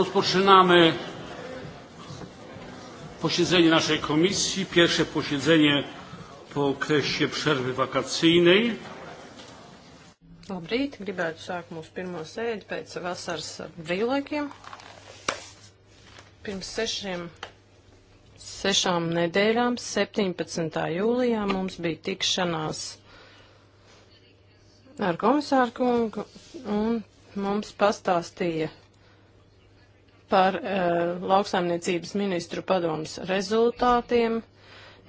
Rozpoczynamy posiedzenie naszej komisji, pierwsze posiedzenie po okresie przerwy wakacyjnej. Labrīt, gribētu sākt mūsu pirmo sēdi pēc vasaras brīvlaikiem. Pirms sešiem, sešām nedēļām, 17. jūlijā, mums bija tikšanās ar komisāru kungu un mums pastāstīja par uh, lauksaimniecības ministru padomus rezultātiem,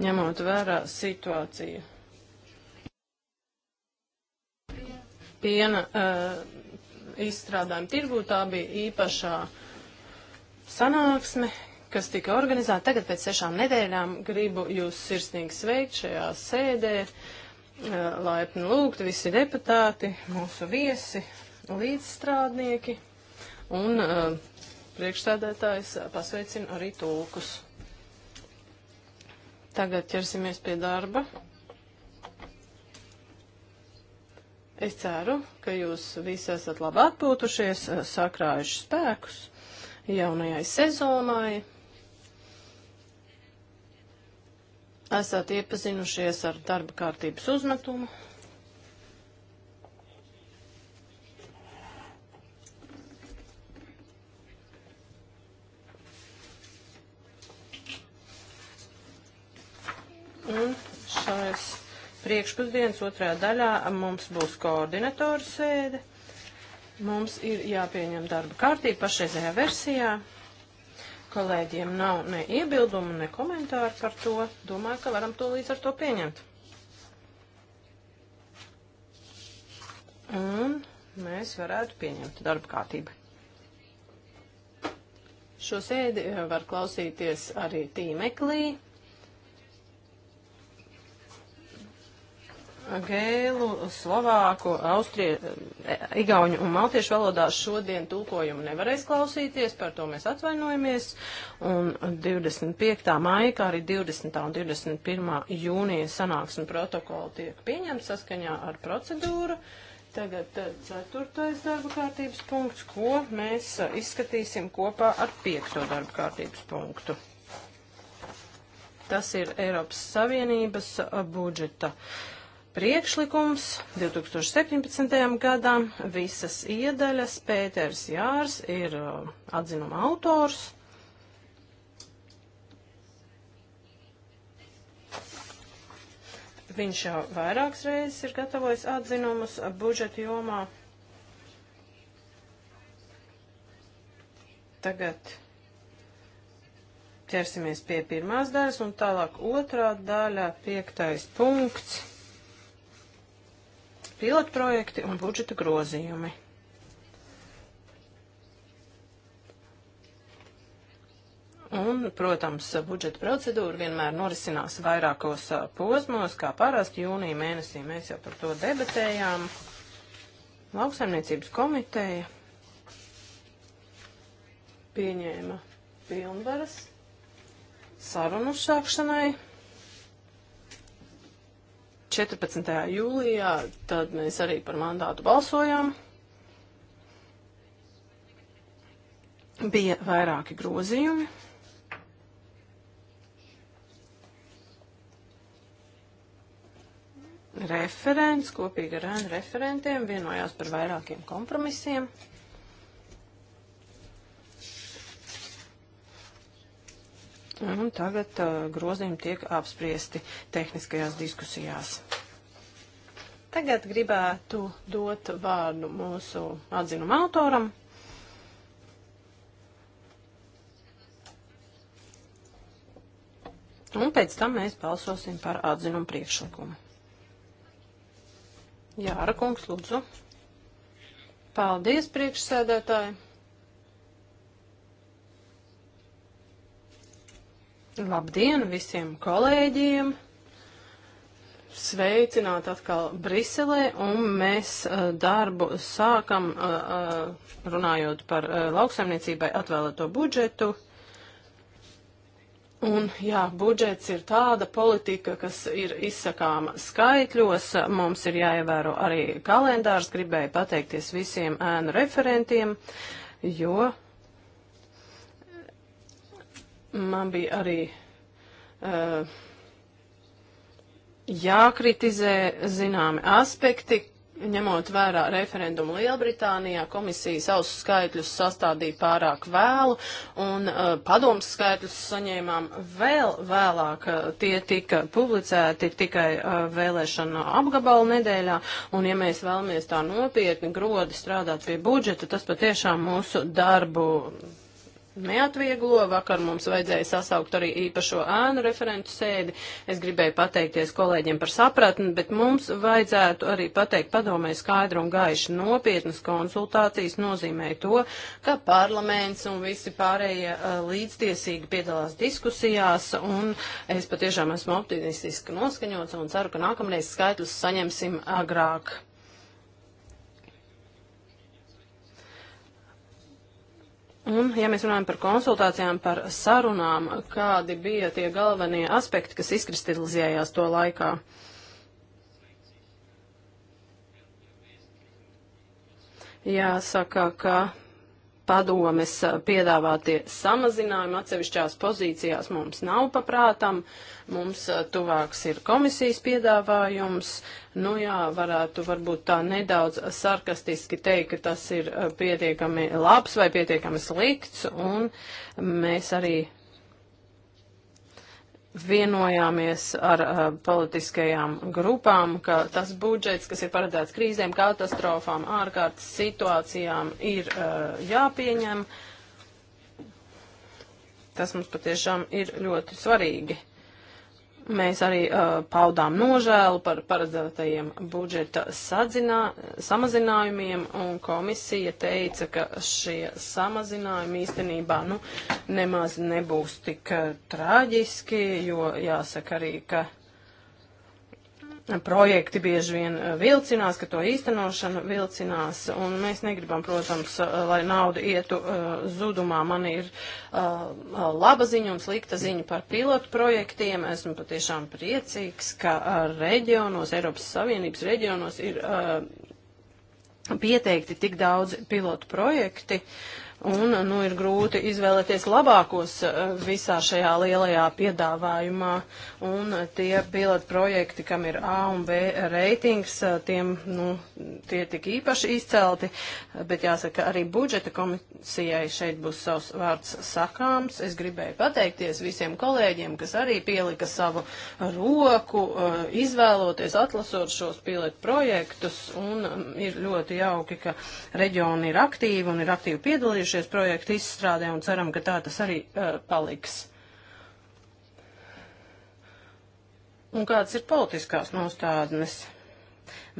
ņemot vērā situāciju. Piena uh, izstrādājuma tirgū tā bija īpašā sanāksme, kas tika organizēta. Tagad pēc sešām nedēļām gribu jūs sirsnīgi sveikt šajā sēdē, uh, laipni lūgt visi deputāti, mūsu viesi, līdzstrādnieki un uh, Priekšstādētājs pasveicina arī tulkus. Tagad ķersimies pie darba. Es ceru, ka jūs visi esat labi atpūtušies, sakrājuši spēkus jaunajai sezonai. Esat iepazinušies ar darba kārtības uzmetumu. nākamais priekšpusdienas otrā daļā mums būs koordinatora sēde. Mums ir jāpieņem darba kārtība pašreizējā versijā. Kolēģiem nav ne iebildumu, ne komentāru par to. Domāju, ka varam to līdz ar to pieņemt. Un mēs varētu pieņemt darba kārtību. Šo sēdi eh, var klausīties arī tīmeklī. gēlu, slovāku, austrie, e, igauņu un maltiešu valodās šodien tulkojumu nevarēs klausīties, par to mēs atvainojamies. Un 25. maija, kā arī 20. un 21. jūnija sanāksmi protokoli tiek pieņemts saskaņā ar procedūru. Tagad e, ceturtais darba kārtības punkts, ko mēs e, izskatīsim kopā ar piekto darba kārtības punktu. Tas ir Eiropas Savienības budžeta uh, priekšlikums 2017. gadam. Visas iedaļas Pēters Jārs ir uh, atzinuma autors. Viņš jau vairākas reizes ir gatavojis atzinumus budžeta jomā. Tagad ķersimies pie pirmās daļas un tālāk otrā daļā piektais punkts pilotprojekti un budžeta grozījumi. Un, protams, budžeta procedūra vienmēr norisinās vairākos posmos, kā parasti jūnija mēnesī mēs jau par to debatējām. Lauksaimniecības komiteja pieņēma pilnvaras sarunu sākšanai. 14. jūlijā, tad mēs arī par mandātu balsojām. Bija vairāki grozījumi. Referents kopīgi ar referentiem vienojās par vairākiem kompromisiem. Un tagad uh, grozījumi tiek apspriesti tehniskajās diskusijās. Tagad gribētu dot vārdu mūsu atzinuma autoram. Un pēc tam mēs balsosim par atzinumu priekšlikumu. Jāra kungs, lūdzu. Paldies, priekšsēdētāji. Labdien visiem kolēģiem! Sveicināt atkal Briselē, un mēs uh, darbu sākam uh, uh, runājot par uh, lauksaimniecībai atvēlēto budžetu. Un, jā, budžets ir tāda politika, kas ir izsakāma skaitļos. Mums ir jāievēro arī kalendārs. Gribēju pateikties visiem ēnu referentiem, jo man bija arī uh, jākritizē zināmi aspekti, ņemot vērā referendumu Lielbritānijā, komisija savus skaitļus sastādīja pārāk vēlu, un uh, padomus skaitļus saņēmām vēl vēlāk. Tie tika publicēti tikai uh, vēlēšana apgabalu nedēļā, un ja mēs vēlamies tā nopietni grodi strādāt pie budžeta, tas patiešām mūsu darbu neatvieglo. Vakar mums vajadzēja sasaukt arī īpašo ēnu referentu sēdi. Es gribēju pateikties kolēģiem par sapratni, bet mums vajadzētu arī pateikt padomē skaidru un gaišu nopietnas konsultācijas nozīmē to, ka parlaments un visi pārējie uh, līdztiesīgi piedalās diskusijās, un es patiešām esmu optimistiski noskaņots un ceru, ka nākamreiz skaitļus saņemsim agrāk. Un, ja mēs runājam par konsultācijām, par sarunām, kādi bija tie galvenie aspekti, kas izkristalizējās to laikā? Jāsaka, ka padomes piedāvātie samazinājumi atsevišķās pozīcijās mums nav paprātam, mums tuvāks ir komisijas piedāvājums, nu jā, varētu varbūt tā nedaudz sarkastiski teikt, ka tas ir pietiekami labs vai pietiekami slikts, un mēs arī vienojāmies ar uh, politiskajām grupām, ka tas budžets, kas ir paredzēts krīzēm, katastrofām, ārkārtas situācijām, ir uh, jāpieņem. Tas mums patiešām ir ļoti svarīgi. Mēs arī uh, paudām nožēlu par paredzētajiem budžeta sadzinā, samazinājumiem, un komisija teica, ka šie samazinājumi īstenībā nu, nemaz nebūs tik uh, traģiski, jo jāsaka arī, ka projekti bieži vien eh, vilcinās, ka to īstenošana vilcinās, un mēs negribam, protams, eh, lai nauda ietu uh, zudumā. Man ir uh, laba ziņa un slikta ziņa par pilotu projektiem. Esmu patiešām priecīgs, ka uh, reģionos, Eiropas Savienības reģionos ir pieteikti tik daudz pilotu projekti. Uh, Un, nu, ir grūti izvēlēties labākos eh, visā šajā lielajā piedāvājumā. Un eh, tie pilotu projekti, kam ir A un B reitings, eh, tiem, nu, tie tik īpaši izcelti. Bet jāsaka, arī budžeta komisijai šeit būs savs vārds sakāms. Es gribēju pateikties visiem kolēģiem, kas arī pielika savu roku, izvēloties, atlasot šos pilotu projektus. Un mm, ir ļoti jauki, ka reģioni ir aktīvi un ir aktīvi piedalījušies iesaistījušies projektu izstrādē un ceram, ka tā tas arī uh, paliks. Un kādas ir politiskās nostādnes?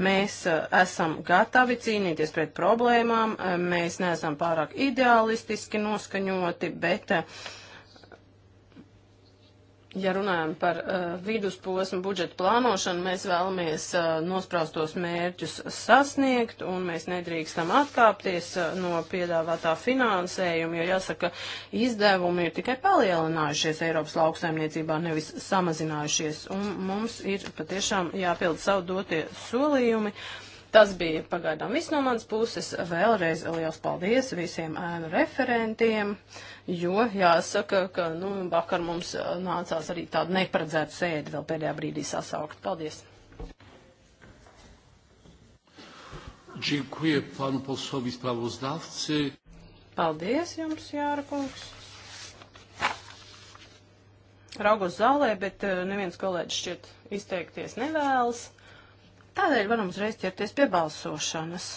Mēs uh, esam gatavi cīnīties pret problēmām, uh, mēs neesam pārāk ideālistiski noskaņoti, bet uh, ja runājam par uh, vidusposmu budžeta plānošanu, mēs vēlamies uh, nospraustos mērķus sasniegt, un mēs nedrīkstam atkāpties uh, no piedāvātā finansējuma, jo jāsaka, izdevumi ir tikai palielinājušies Eiropas lauksaimniecībā, nevis samazinājušies, un mums ir patiešām jāpild savu dotie solījumi. Tas bija pagaidām viss no manas puses. Vēlreiz liels paldies visiem ēnu referentiem. Uh, jo jāsaka, ka nu, vakar mums uh, nācās arī tādu neparedzētu sēdi vēl pēdējā brīdī sasaukt. Paldies! Dziękuję panu posłowi sprawozdawcy. Paldies jums, Jāra kungs. Raugos zālē, bet uh, neviens kolēģis šķiet izteikties nevēlas. Tādēļ varam uzreiz ķerties pie balsošanas.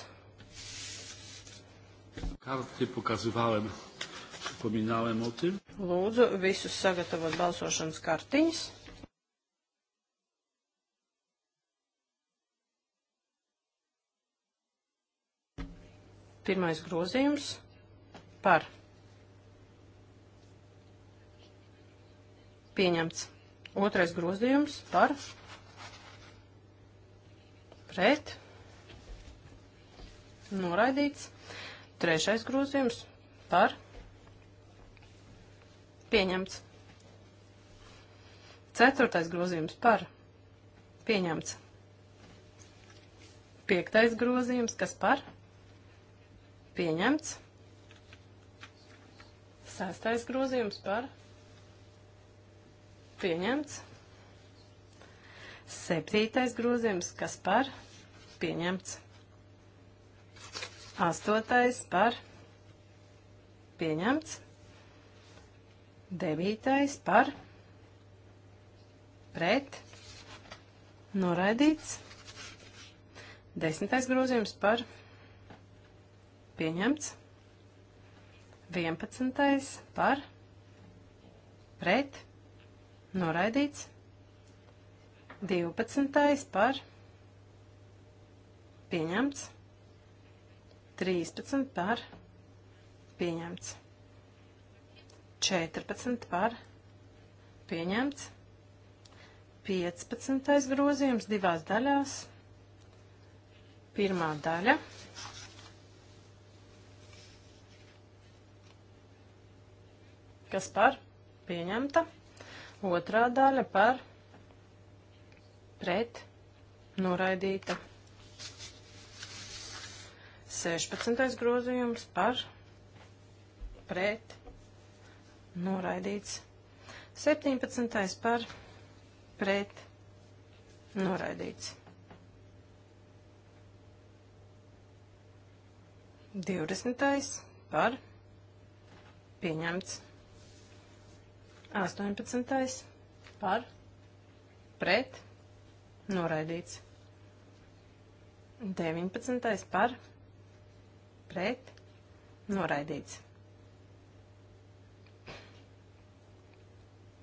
Karti pokazywałem Wspominałem o tym. Lūdzu, visus sagatavot balsošanas kartiņas. Pirmais grozījums par pieņemts. Otrais grozījums par pret noraidīts. Trešais grozījums par Pieņemts. Ceturtais grozījums par. Pieņemts. Piektais grozījums, kas par? Pieņemts. Sestais grozījums par? Pieņemts. Septītais grozījums, kas par? Pieņemts. Astotais par? Pieņemts. Devītais par pret noraidīts. Desmitais grozījums par pieņemts. Vienpadsmitais par pret noraidīts. Divpadsmitais par pieņemts. Trīspadsmit par pieņemts. 14 par pieņemts. 15. grozījums divās daļās. Pirmā daļa. Kas par pieņemta? Otrā daļa par pret noraidīta. 16. grozījums par pret noraidīts. 17. par pret noraidīts. 20. par pieņemts. 18. par pret noraidīts. 19. par pret noraidīts.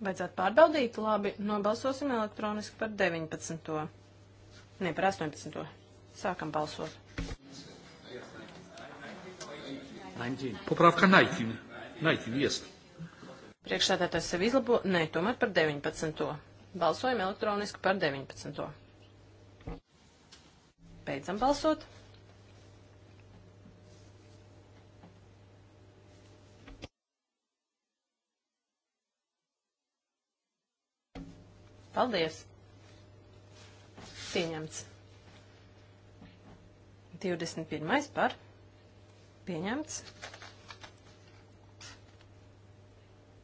Vajadzētu pārbaudīt, labi, nobalsosim elektroniski par 19. Nē, par 18. Sākam balsot. 19. Poprāvka 19. 19, jest. Priekšsēdētājs sev izlabo, nē, tomēr par 19. Balsojam elektroniski par 19. Beidzam balsot. Paldies! Pieņemts. 21. par. Pieņemts.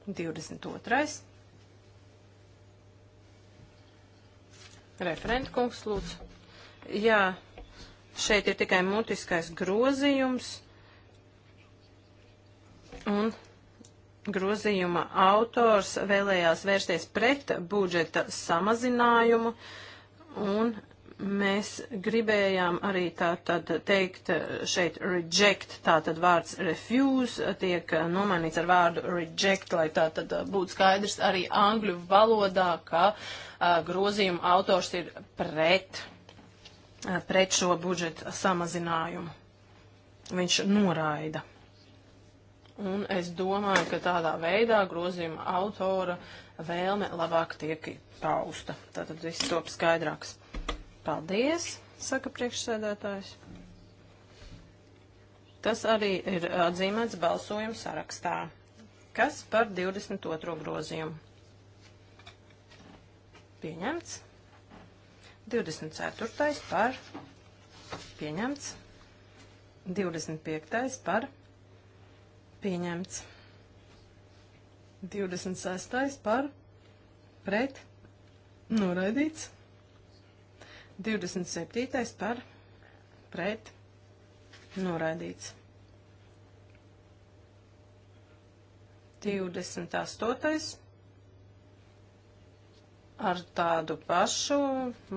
22. Referenta kungs lūdzu. Jā, šeit ir tikai mutiskais grozījums. Un Grozījuma autors vēlējās vērsties pret budžeta samazinājumu un mēs gribējām arī tā tad teikt šeit reject, tā tad vārds refuse tiek nomainīts ar vārdu reject, lai tā tad būtu skaidrs arī angļu valodā, ka a, grozījuma autors ir pret, a, pret šo budžeta samazinājumu. Viņš noraida. Un es domāju, ka tādā veidā grozījuma autora vēlme labāk tiek pausta. Tātad viss top skaidrāks. Paldies, saka priekšsēdētājs. Tas arī ir atzīmēts balsojuma sarakstā. Kas par 22. grozījumu? Pieņemts. 24. par pieņemts. 25. par pieņemts pieņemts. 26. par pret noraidīts. 27. par pret noraidīts. 28. ar tādu pašu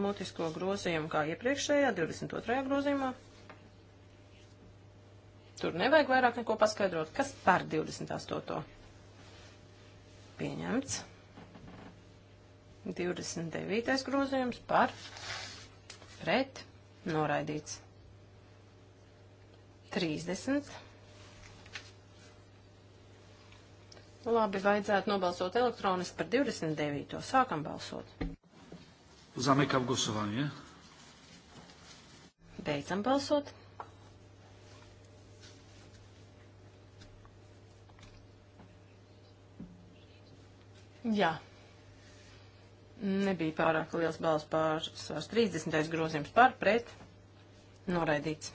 mutisko grozījumu kā iepriekšējā 22. grozījumā. Tur nevajag vairāk neko paskaidrot. Kas par 28. pieņemts? 29. grozījums par pret noraidīts. 30. Labi, vajadzētu nobalsot elektroniski par 29. Sākam balsot. Zamekam gusovanie. Beidzam balsot. Jā. Nebija pārāk liels balss pārsvars. 30. grozījums par pret. Noraidīts.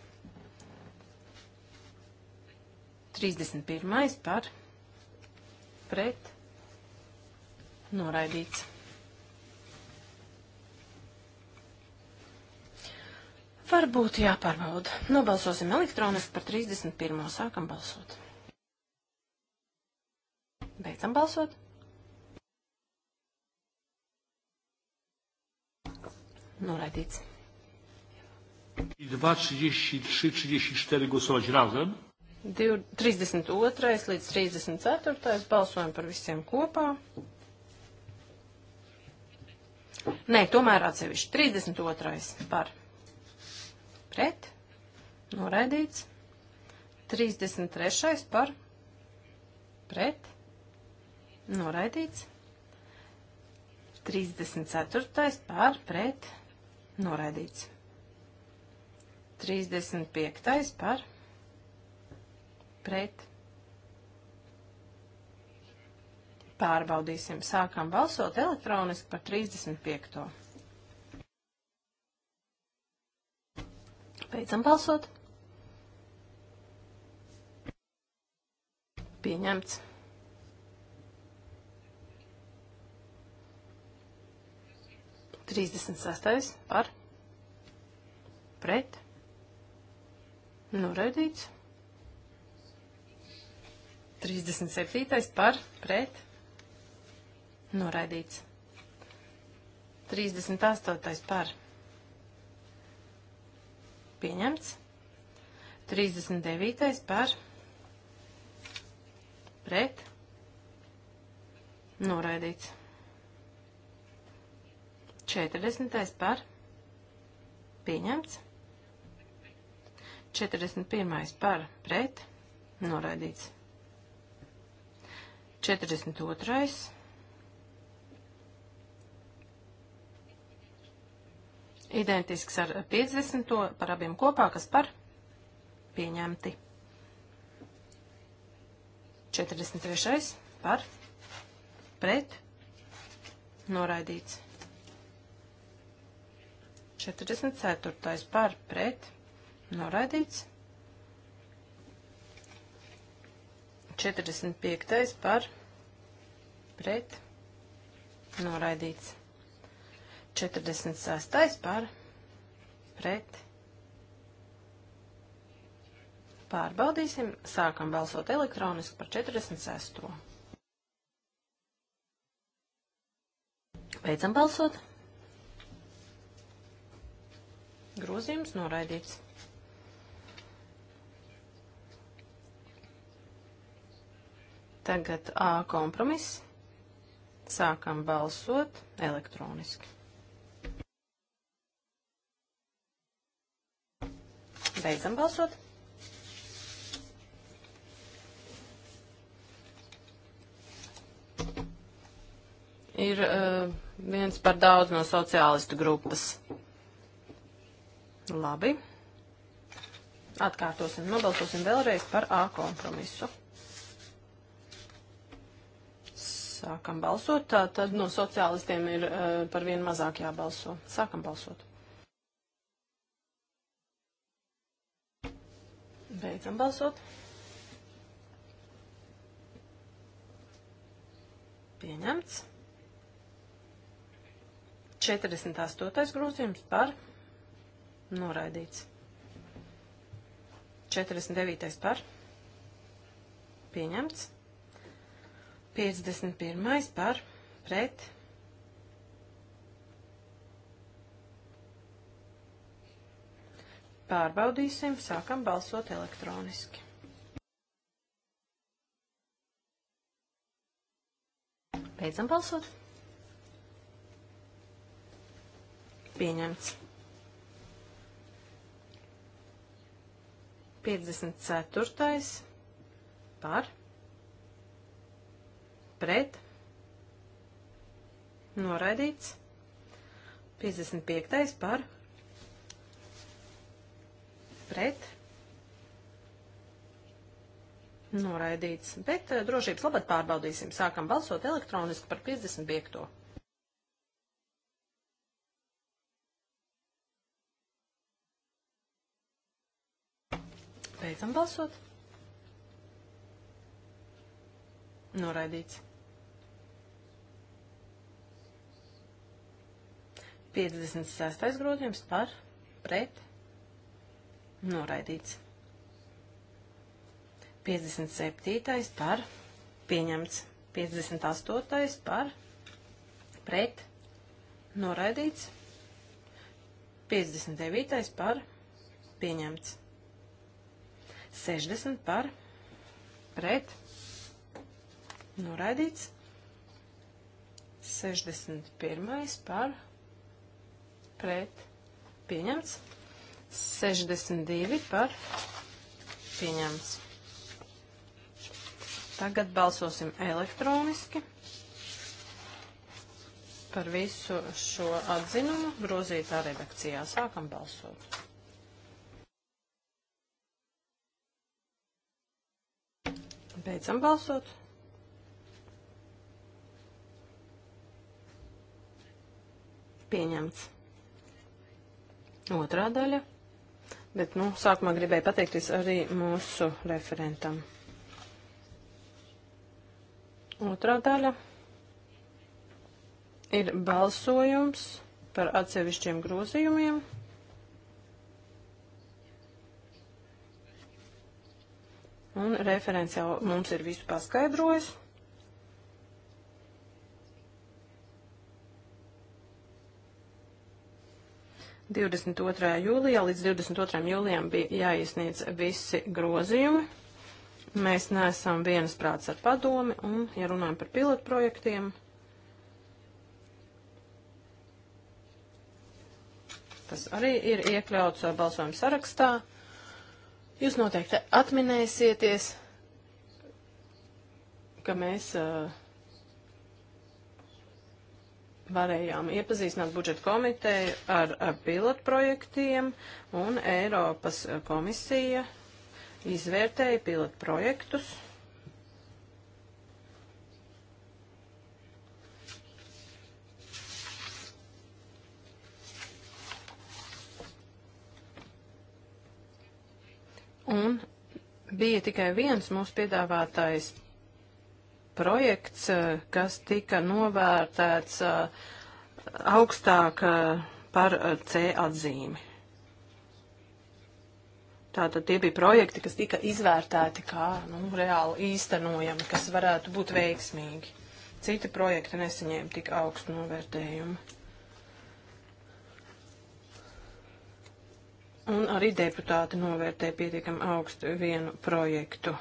31. par pret. Noraidīts. Varbūt jāpārbauda. Nobalsosim elektroniski par 31. sākam balsot. Beidzam balsot. Noraidīts. 2, 33, 34 głosować razem. 32 līdz 34 balsojam par visiem kopā. Nē, tomēr atsevišķi. 32 par pret, noraidīts. 33 par pret, noraidīts. 34 par pret, noraidīts. Noraidīts. 35. par pret. Pārbaudīsim. Sākam balsot elektroniski par 35. Beidzam balsot. Pieņemts. 36. par pret noraidīts. 37. par pret noraidīts. 38. par pieņemts. 39. par pret noraidīts. 40. par pieņemts. 41. par pret noraidīts. 42. Identisks ar 50. par abiem kopā, kas par pieņemti. 43. par pret noraidīts. 44. par pret noraidīts. 45. par pret noraidīts. 46. par pret pārbaudīsim. Sākam balsot elektroniski par 46. Beidzam balsot. Grozījums noraidīts. Tagad A kompromiss. Sākam balsot elektroniski. Beidzam balsot. Ir uh, viens par daudz no sociālistu grupas. Labi. Atkārtosim, nobalsosim vēlreiz par A kompromisu. Sākam balsot, tā tad no sociālistiem ir uh, par vienu mazāk jābalso. Sākam balsot. Beidzam balsot. Pieņemts. 48. grozījums par noraidīts. 49. par, pieņemts. 51. par, pret. Pārbaudīsim, sākam balsot elektroniski. Beidzam balsot. Pieņemts. 54. par pret noraidīts 55. par pret noraidīts, bet eh, drošības labad pārbaudīsim. Sākam balsot elektroniski par 55. Beidzam balsot. Noraidīts. 56. grozījums par pret noraidīts. 57. par pieņemts. 58. par pret noraidīts. 59. par pieņemts. 60 par pret noraidīts. 61 par pret pieņemts. 62 par pieņemts. Tagad balsosim elektroniski par visu šo atzinumu grozītā redakcijā. Sākam balsot. Beidzam balsot. Pieņemts. Otrā daļa. Bet, nu, sākumā gribēju pateikties arī mūsu referentam. Otrā daļa ir balsojums par atsevišķiem grozījumiem. Un referents jau mums ir visu paskaidrojis. Divdesmit otrā jūlijā līdz 22. jūlijam bija jāiesniedz visi grozījumi. Mēs neesam vienasprāts ar padomi, un, ja runājam par pilotprojektiem, tas arī ir iekļauts uh, balsojuma sarakstā. Jūs noteikti atminēsieties, ka mēs uh, varējām iepazīstināt budžeta komiteju ar, ar pilotprojektiem, un Eiropas komisija izvērtēja pilotprojektus. Un bija tikai viens mūsu piedāvātais projekts, eh, kas tika novērtēts eh, augstāk eh, par C atzīmi. Tātad tie bija projekti, kas tika izvērtēti kā nu, reāli īstenojami, kas varētu būt veiksmīgi. Citi projekti nesaņēma tik augstu novērtējumu. un arī deputāti novērtē pietiekam augstu vienu projektu.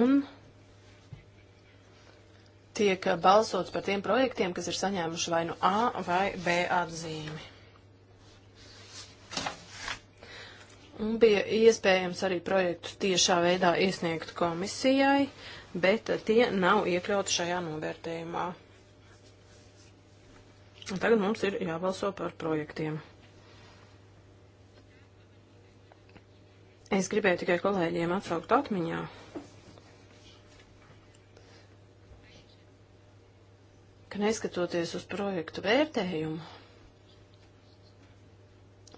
Un tiek balsots par tiem projektiem, kas ir saņēmuši vai nu A vai B atzīmi. Un bija iespējams arī projektus tiešā veidā iesniegt komisijai, bet tie nav iekļauti šajā novērtējumā. Un tagad mums ir jābalso par projektiem. Es gribēju tikai kolēģiem atsaukt atmiņā. ka neskatoties uz projektu vērtējumu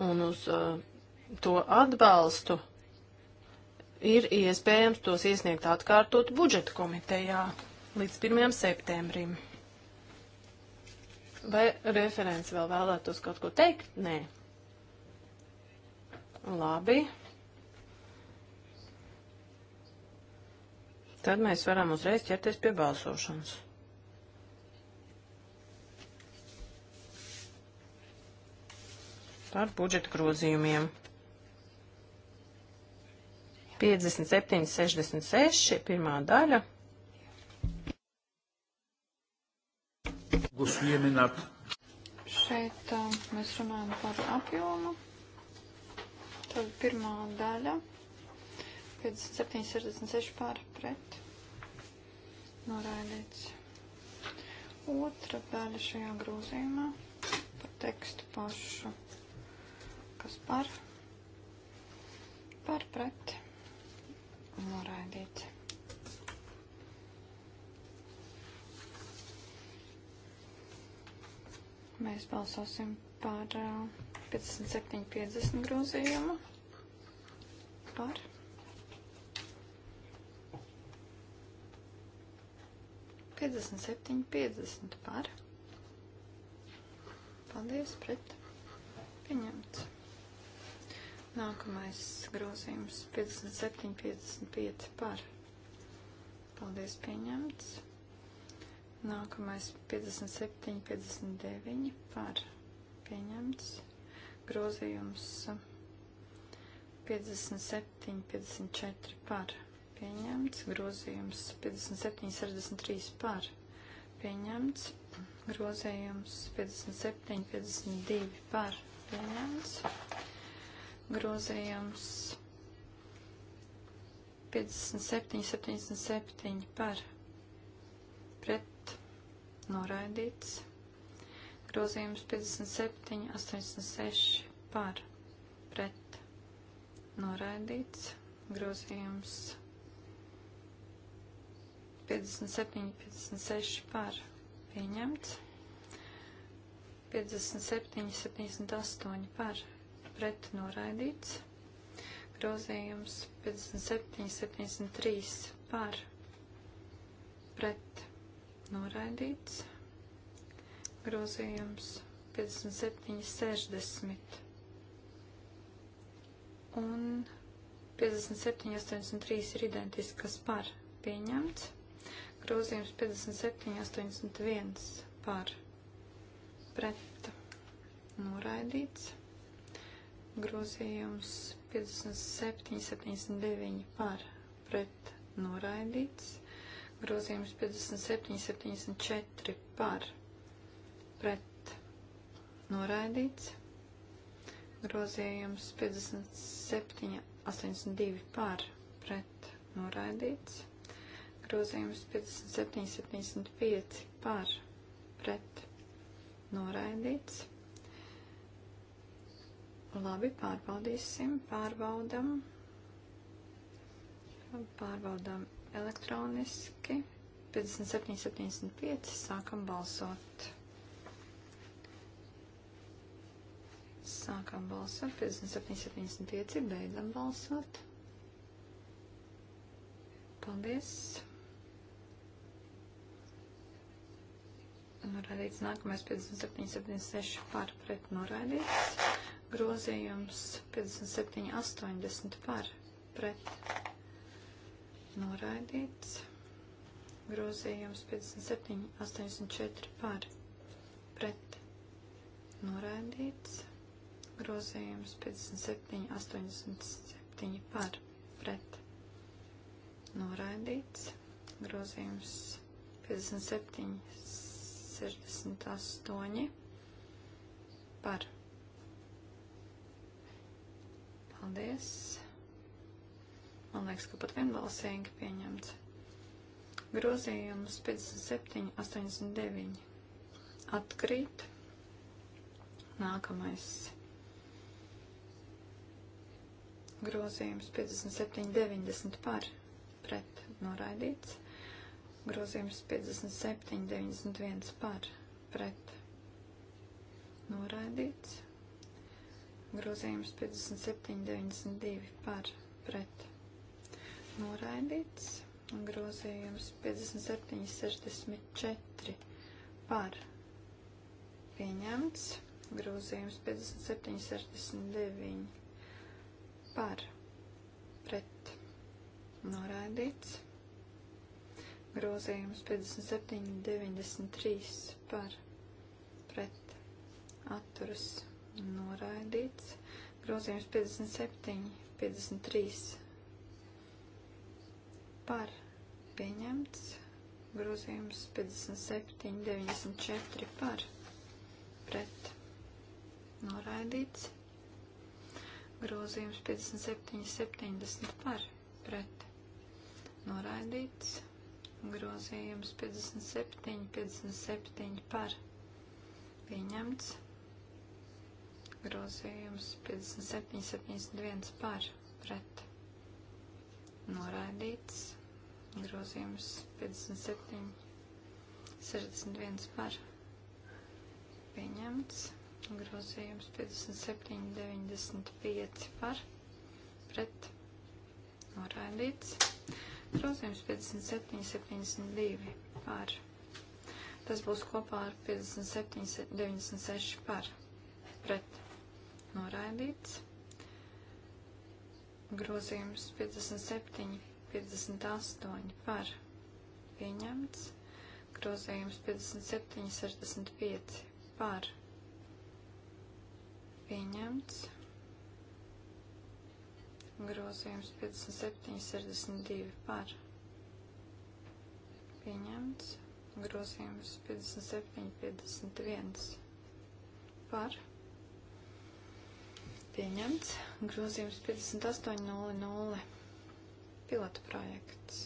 un uz uh, to atbalstu, ir iespējams tos iesniegt atkārtot budžeta komitejā līdz 1. septembrim. Vai referents vēl vēlētos kaut ko teikt? Nē. Labi. Tad mēs varam uzreiz ķerties pie balsošanas. Par budžeta grozījumiem. 57, 66, pirmā daļa. Głosujemy nad... Šeit um, mēs runājam par apjomu. Tad pirmā daļa. 57,66 pār pret. Noraidīts. Otra daļa šajā grozījumā. Par tekstu pašu. Kas par? Par pret. Noraidīts. Mēs balsosim par 57,50 uh, grozījumu. Par. Piecdesmit septiņi, piecdesmit par. Paldies, pret. Pieņemts. Nākamais grozījums - 57, 55 par. Paldies, pieņemts. Nākamais 57, 59 par pieņemts. Grozījums 57, 54 par pieņemts. Grozījums 57, 63 par pieņemts. Grozījums 57, 52 par pieņemts. Grozījums 57, 77 par pret noraidīts. Grozījums 57, 86 par pret noraidīts. Grozījums 57, 56 par pieņemts. 57, 78 par pret noraidīts. Grozījums 57, 73 par pret noraidīts. Grozījums 57, 60 un 57, 83 ir identiski, kas par pieņemts. Grozījums 57, 81 par pret noraidīts. Grozījums 57, 79 par pret noraidīts Grozījums 57, 74 par pret noraidīts. Grozījums 57, 82 par pret noraidīts. Grozījums 57, 75 par pret noraidīts. Labi, pārbaudīsim, pārbaudam. Pārbaudām elektroniski. 57, 75. Sākam balsot. Sākam balsot. 57, 75. Beidzam balsot. Paldies. Norādīts nākamais 57, 76 par pret norādīts. Grozījums 57, 80 par pret noraidīts. Grozījums 57, 84 par pret noraidīts. Grozījums 57, 87 par pret noraidīts. Grozījums 57, 68 par. Paldies! Man liekas, ka pat vienbalsīgi pieņemts. Grozījums 57, 89. Atkrīt. Nākamais. Grozījums 57, 90 par pret noraidīts. Grozījums 57, 91 par pret noraidīts. Grozījums 57, 92 par pret noraidīts. Grozījums 57, 64 par pieņemts. Grozījums 57, 69 par pret noraidīts. Grozījums 57, 93 par pret atturas noraidīts. Grozījums 57, 53 par pieņemts, grozījums 57, 94 par pret noraidīts, grozījums 57, 70 par pret noraidīts, grozījums 57, 57 par pieņemts, grozījums 57, 71 par pret noraidīts, grozījums 57, 61 par pieņemts, grozījums 57, 95 par pret noraidīts, grozījums 57, 72 par. Tas būs kopā ar 57, 96 par pret noraidīts, grozījums 57, 58 par pieņemts, grozījums 57, 65 par pieņemts, grozījums 57, 62 par pieņemts, grozījums 57, 51 par pieņemts pieņemts. Grozījums 58.00 Pilotu projekts.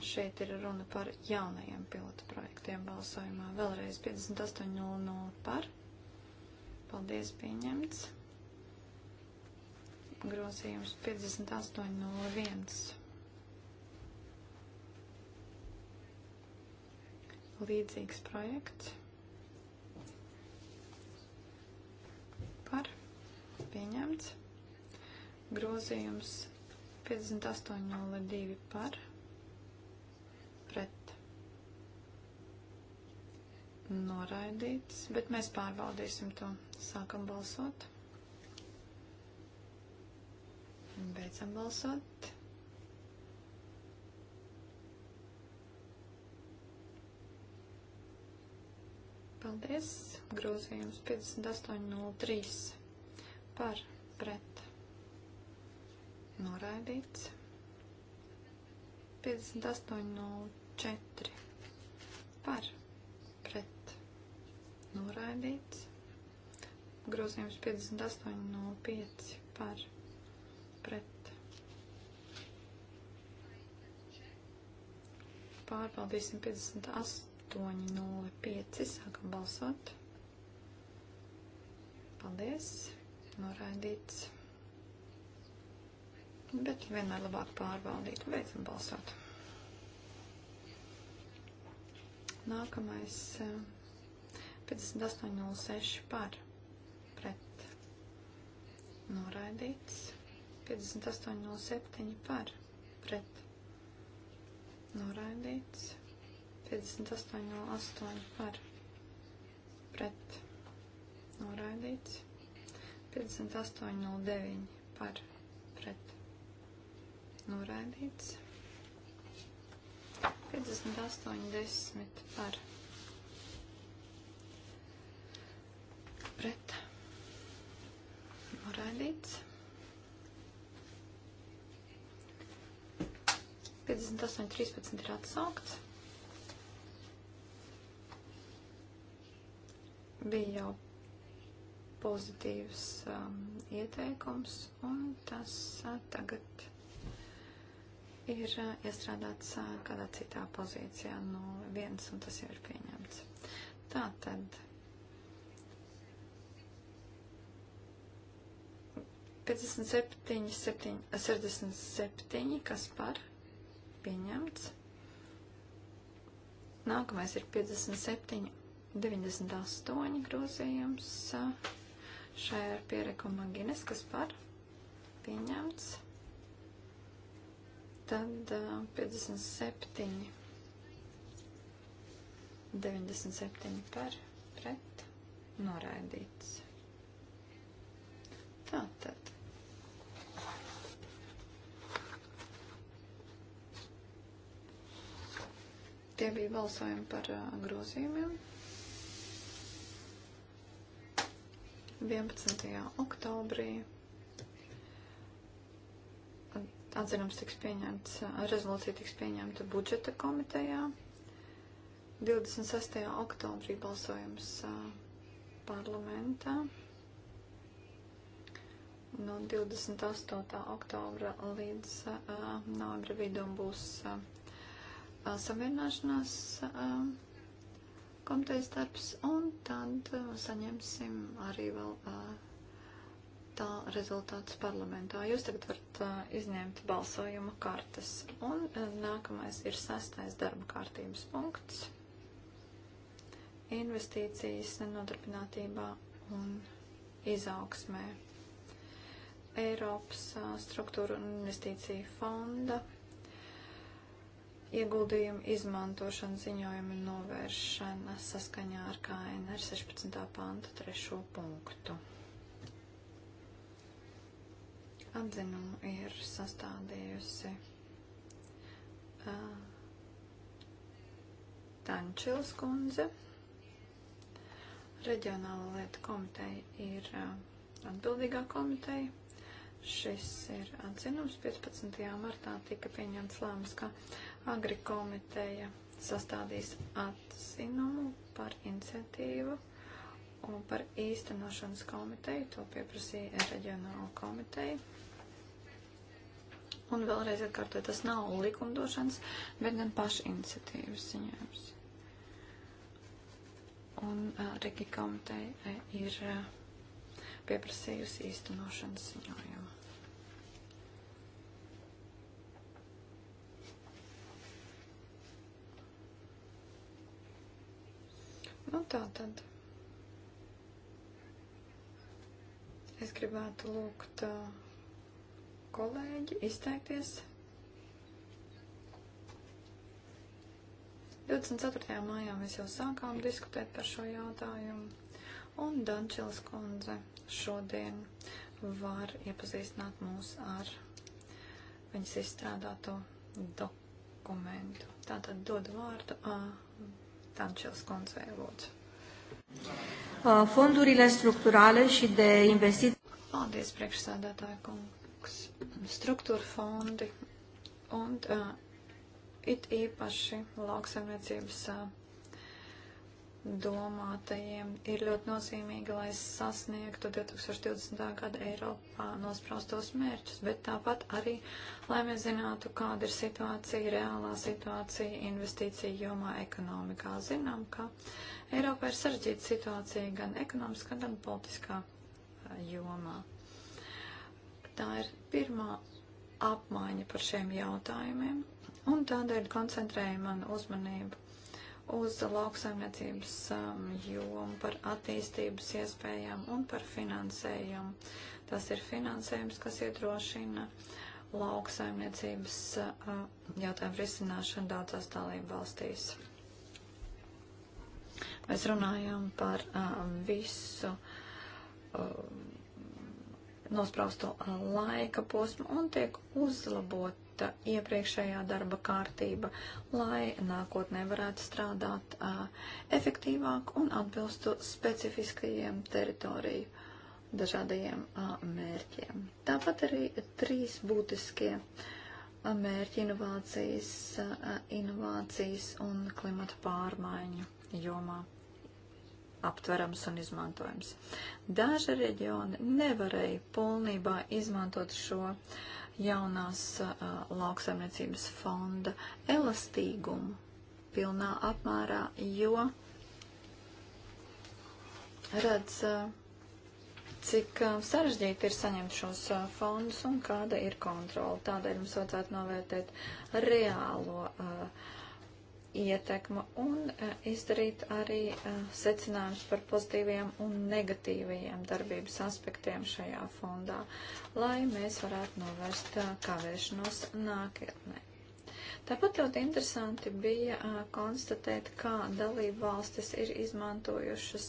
Šeit ir runa par jaunajiem pilotu projektiem balsojumā. Vēlreiz 58.00 par. Paldies, pieņemts. Grozījums 58.01. līdzīgs projekts par pieņemts grozījums 58,02 par pret noraidīts, bet mēs pārbaudīsim to. Sākam balsot. Beidzam balsot. Paldies. Grozījums 58.03 par pret noraidīts. 58.04 par pret noraidīts. Grozījums 58.05 par pret. Pārbaudīsim 58.05. Sākam balsot. Paldies. Noraidīts bet vienmēr labāk pārbaudīt. Beidzam balsot. Nākamais 58.06 eh, par pret noraidīts. 58.07 par pret noraidīts. 58.08 par pret noraidīts. 58.09 par pret Noraidīts. 58, 10 par. Pret. Noraidīts. 58, 13 ir atsaukts. Bija jau pozitīvs um, ieteikums, un tas uh, tagad ir eh, iestrādāts eh, kādā citā pozīcijā no nu, vienas, un tas jau ir pieņemts. Tā tad. Piecdesmit septiņi, eh, sešdesmit septiņi, kas par pieņemts. Nākamais ir 57, 98 grozījums. Šajā ir pierekuma Gines, kas par pieņemts. Tad uh, 57. 97 par pret noraidīts. Tātad. Tie bija balsojumi par uh, grozījumiem. 11. oktobrī atzinums tiks pieņemts, rezolūcija tiks pieņemta budžeta komitejā. 26. oktobrī balsojums parlamentā. No 28. oktobra līdz novembra vidum būs samierināšanās komitejas darbs, un tad saņemsim arī vēl tā rezultāts parlamentā. Jūs tagad varat uh, izņemt balsojuma kartes. Un uh, nākamais ir sastais darba kārtības punkts. Investīcijas nodarbinātībā un izaugsmē. Eiropas uh, struktūra un investīcija fonda ieguldījumu izmantošana ziņojuma novēršana saskaņā ar KNR 16. pantu 3. punktu atzinumu ir sastādījusi uh, Tančils kundze. Reģionāla lieta komiteja ir uh, atbildīgā komiteja. Šis ir atzinums. 15. martā tika pieņemts lēmums, ka Agri komiteja sastādīs atzinumu par iniciatīvu un par īstenošanas komiteju. To pieprasīja reģionāla komiteja. Un vēlreiz atkārtoju, tas nav likumdošanas, bet gan pašiniciatīvas ziņojums. Un uh, Regi komiteja ir uh, pieprasījusi īstenošanas ziņojumu. Nu, tā tad. Es gribētu lūgt uh, kolēģi izteikties. 24. maijā mēs jau sākām diskutēt par šo jautājumu, un Dančils kundze šodien var iepazīstināt mūs ar viņas izstrādāto dokumentu. Tātad dod vārdu Dančils kundzei lūdzu. Fondurile structurale și de investiții. Paldies, priekšsādātāja kungs bankas, struktūra fondi un uh, it īpaši lauksaimniecības uh, domātajiem ir ļoti nozīmīgi, lai sasniegtu 2020. gada Eiropā nospraustos mērķus, bet tāpat arī, lai mēs zinātu, kāda ir situācija, reālā situācija investīcija jomā ekonomikā. Zinām, ka Eiropā ir sarežģīta situācija gan ekonomiskā, gan politiskā uh, jomā. Tā ir pirmā apmaiņa par šiem jautājumiem, un tādēļ koncentrēju manu uzmanību uz lauksaimniecības um, jomu, par attīstības iespējām un par finansējumu. Tas ir finansējums, kas iedrošina lauksaimniecības uh, jautājumu risināšanu daudzās dalību valstīs. Mēs runājam par uh, visu uh, nospraustu uh, laika posmu un tiek uzlabota iepriekšējā darba kārtība, lai nākotnē varētu strādāt uh, efektīvāk un atbilstu specifiskajiem teritoriju dažādajiem uh, mērķiem. Tāpat arī trīs būtiskie uh, mērķi inovācijas, uh, inovācijas un klimata pārmaiņu jomā aptverams un izmantojams. Daži reģioni nevarēja pilnībā izmantot šo jaunās uh, lauksaimniecības fonda elastīgumu pilnā apmērā, jo redz, uh, cik uh, sarežģīti ir saņemt šos uh, fondus un kāda ir kontrola. Tādēļ mums vajadzētu novērtēt reālo uh, ietekma un e, izdarīt arī e, secinājums par pozitīviem un negatīviem darbības aspektiem šajā fondā, lai mēs varētu novērst e, kavēšanos nākotnē. Tāpat ļoti interesanti bija konstatēt, kā dalību valstis ir izmantojušas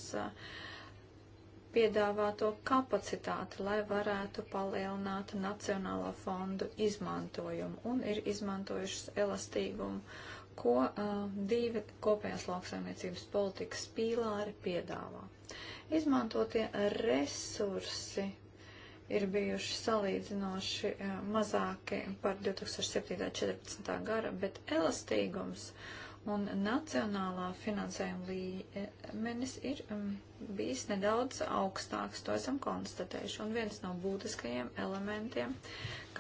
piedāvāto kapacitāti, lai varētu palielināt nacionālo fondu izmantojumu un ir izmantojušas elastīgumu ko uh, divi kopējās lauksaimniecības politikas pīlāri piedāvā. Izmantotie resursi ir bijuši salīdzinoši uh, mazāki par 2007.14. gara, bet elastīgums un nacionālā finansējuma līmenis ir um, bijis nedaudz augstāks, to esam konstatējuši. Un viens no būtiskajiem elementiem,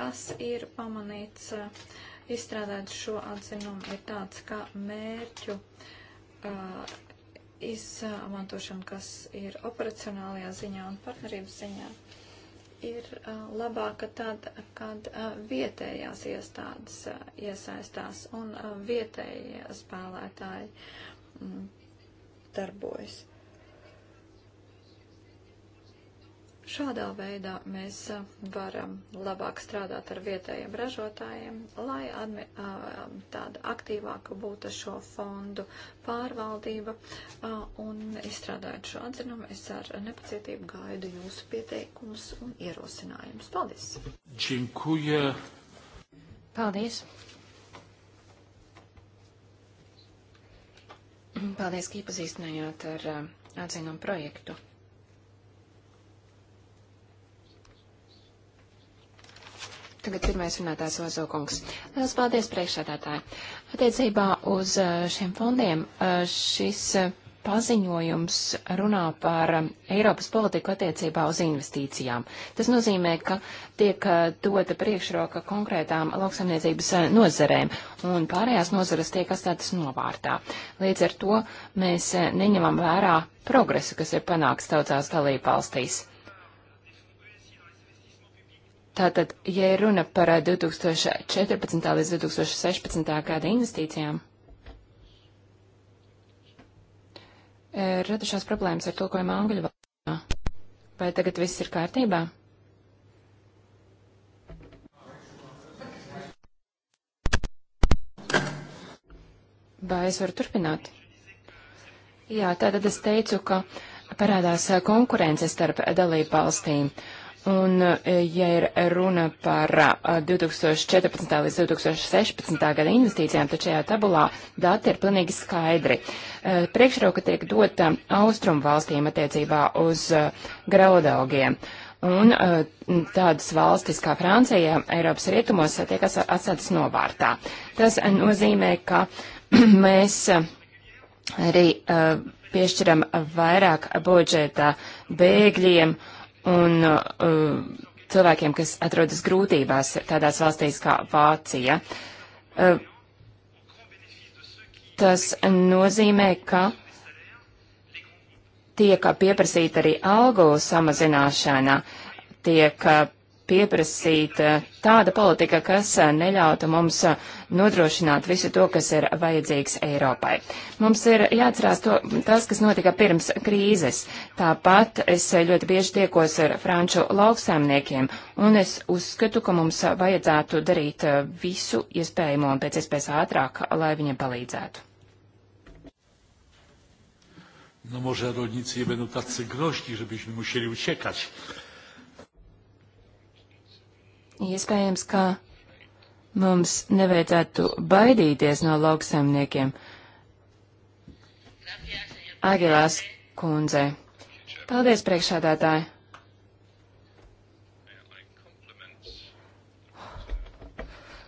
kas ir pamanīts uh, izstrādājot šo atzinumu, ir tāds, ka mērķu uh, izmantošana, kas ir operacionālajā ziņā un partnerības ziņā, ir uh, labāka tad, kad uh, vietējās iestādes uh, iesaistās un vietējie spēlētāji mm, darbojas. Šādā veidā mēs varam labāk strādāt ar vietējiem ražotājiem, lai admi, tāda aktīvāka būtu šo fondu pārvaldība. Un izstrādājot šo atzinumu, es ar nepacietību gaidu jūsu pieteikumus un ierosinājumus. Paldies! Džinkuja. Paldies! Paldies, ka iepazīstinājāt ar atzinumu projektu. Tagad pirmais runātājs Ozokungs. Lielas paldies priekšsādātāji. Attiecībā uz uh, šiem fondiem uh, šis uh, paziņojums runā par um, Eiropas politiku attiecībā uz investīcijām. Tas nozīmē, ka tiek dota priekšroka konkrētām lauksaimniecības nozarēm, un pārējās nozares tiek atstātas novārtā. Līdz ar to mēs neņemam vērā progresu, kas ir panāks daudzās dalībvalstīs. Tātad, ja runa par 2014. Eh, līdz 2016. gada investīcijām, eh, radušās problēmas ar tulkojumu angļu valodā. Vai tagad viss ir kārtībā? Vai es varu turpināt? Jā, tātad es teicu, ka parādās eh, konkurence starp dalību valstīm. Uh, Un, eh, ja ir runa par 2014. Eh, līdz 2016. gada investīcijām, tad šajā tabulā dati ir pilnīgi skaidri. Eh, priekšroka tiek dota austrumu valstīm attiecībā uz graudaugiem. Un tādas valstis kā Francija Eiropas rietumos tiek atstātas novārtā. Tas nozīmē, ka mēs arī piešķiram vairāk budžeta bēgļiem un uh, cilvēkiem, kas atrodas grūtībās tādās valstīs kā Vācija. Uh, tas nozīmē, ka tiek pieprasīta arī algu samazināšana, tiek uh, pieprasīt eh, tāda politika, kas eh, neļautu mums eh, nodrošināt visu to, kas ir vajadzīgs Eiropai. Mums ir jāatcerās to, tas, kas notika pirms krīzes. Tāpat es ļoti bieži tiekos ar franču lauksaimniekiem, un es uzskatu, ka mums vajadzētu darīt visu iespējamo un pēc iespējas ātrāk, lai viņiem palīdzētu. No może rolnicy nie będą tacy groźni, żebyśmy musieli uciekać. Iespējams, ka mums nevajadzētu baidīties no lauksaimniekiem. Agilās kundze. Paldies, priekšādātāji.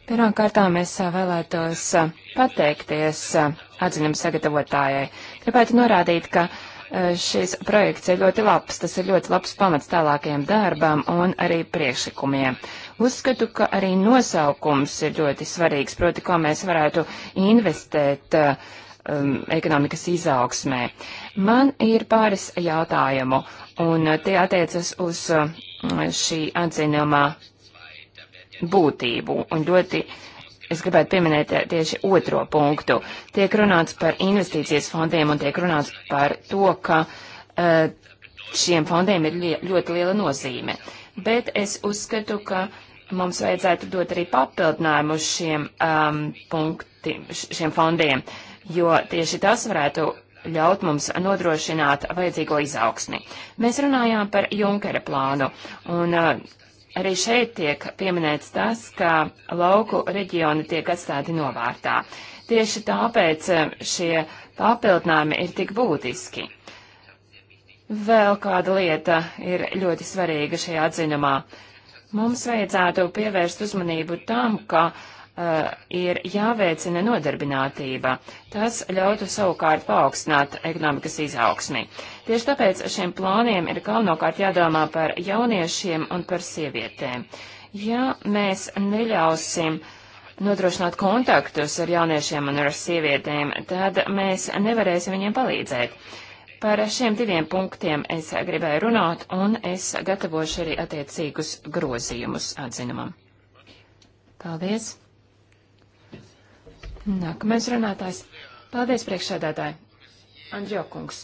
Pirmām kārtām es vēlētos pateikties atziņam sagatavotājai. Gribētu norādīt, ka šis projekts ir ļoti labs, tas ir ļoti labs pamats tālākajam darbam un arī priekšlikumiem. Uh, Uzskatu, ka arī nosaukums ir ļoti svarīgs, proti, kā mēs varētu investēt uh, um, ekonomikas izaugsmē. Man ir pāris jautājumu, un uh, tie attiecas uz uh, šī atzinumā būtību un ļoti es gribētu pieminēt tieši otro punktu. Tiek runāts par investīcijas fondiem un tiek runāts par to, ka šiem fondiem ir li ļoti liela nozīme. Bet es uzskatu, ka mums vajadzētu dot arī papildinājumu šiem um, punktiem, šiem fondiem, jo tieši tas varētu ļaut mums nodrošināt vajadzīgo izaugsmi. Mēs runājām par Junkera plānu, un uh, arī šeit tiek pieminēts tas, ka lauku reģioni tiek atstāti novārtā. Tieši tāpēc uh, šie papildinājumi ir tik būtiski. Vēl kāda lieta ir ļoti svarīga šajā atzinumā. Uh, Mums vajadzētu pievērst uzmanību tam, ka uh, ir jāveicina nodarbinātība. Tas ļautu savukārt paaugstināt ekonomikas izaugsmi. Tieši tāpēc šiem plāniem ir galvenokārt jādomā par jauniešiem un par sievietēm. Ja mēs neļausim uh, nodrošināt kontaktus ar jauniešiem un ar sievietēm, tad mēs nevarēsim viņiem palīdzēt. Par šiem diviem punktiem es gribēju runāt, un es gatavošu arī attiecīgus grozījumus atzinumam. Paldies! Nākamais runātājs. Paldies, priekšsēdētāji. Andžo kungs.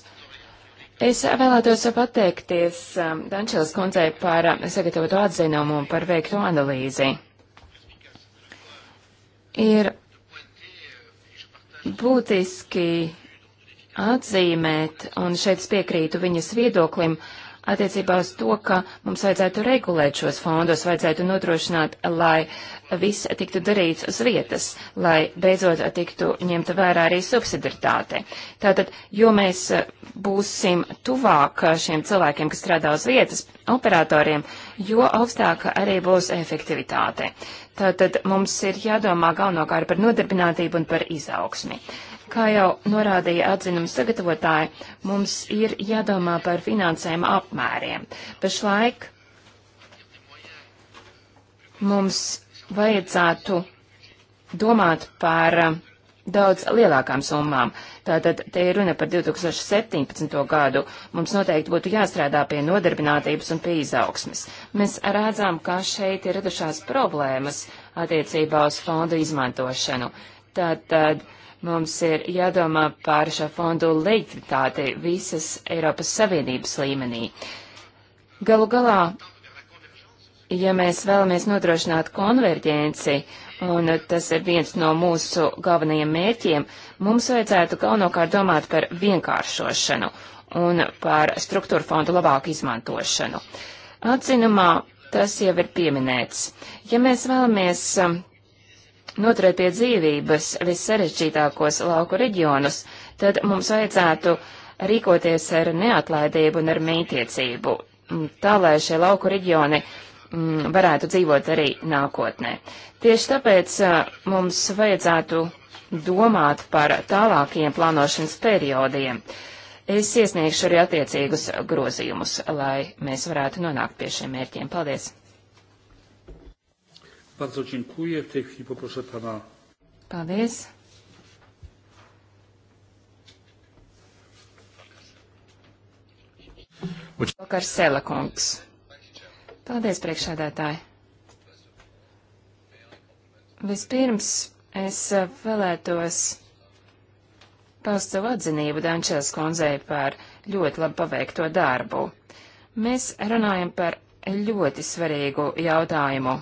Es vēlētos pateikties um, Dančēlas kundzei par um, sagatavotu atzinumu un par veikto analīzi. Ir būtiski atzīmēt, un šeit piekrītu viņas viedoklim, attiecībā uz to, ka mums vajadzētu regulēt šos fondus, vajadzētu nodrošināt, lai viss tiktu darīts uz vietas, lai beidzot tiktu ņemta vērā arī subsidiritāte. Tātad, jo mēs būsim tuvāk šiem cilvēkiem, kas strādā uz vietas, operatoriem, jo augstāka arī būs efektivitāte. Tātad mums ir jādomā galvenokārt par nodarbinātību un par izaugsmi. Uh, Kā jau norādīja atzinuma sagatavotāji, mums ir jādomā par finansējuma apmēriem. Pašlaik mums vajadzētu domāt par uh, daudz lielākām summām. Tātad te ir runa par 2017. gadu. Mums noteikti būtu jāstrādā pie nodarbinātības un pie izaugsmes. Mēs redzam, ka šeit ir radušās problēmas attiecībā uz fondu izmantošanu. Tātad. Tā, Mums ir jādomā par šo fondu likviditāti visas Eiropas Savienības līmenī. Galu galā, ja mēs vēlamies nodrošināt konverģenci, un tas ir viens no mūsu galvenajiem mērķiem, mums vajadzētu galvenokārt domāt par vienkāršošanu un par struktūra fondu labāku izmantošanu. Atzinumā tas jau ir pieminēts. Ja mēs vēlamies um, noturēt pie dzīvības vissarežģītākos lauku reģionus, tad mums vajadzētu rīkoties ar neatlaidību un ar mītiecību, mm, tā lai šie lauku reģioni m, mm, varētu dzīvot arī nākotnē. Tieši tāpēc a, mums vajadzētu domāt par tālākiem plānošanas periodiem. Es iesniegšu arī attiecīgus grozījumus, lai mēs varētu nonākt pie šiem mērķiem. Paldies! Bardzo dziękuję. W tej chwili poproszę pana. Paldies. Vakar Sela kungs. Paldies, priekšsēdētāji. Vispirms es vēlētos paust savu atzinību Dančēlas kundzei par ļoti labi paveikto darbu. Mēs runājam par ļoti svarīgu jautājumu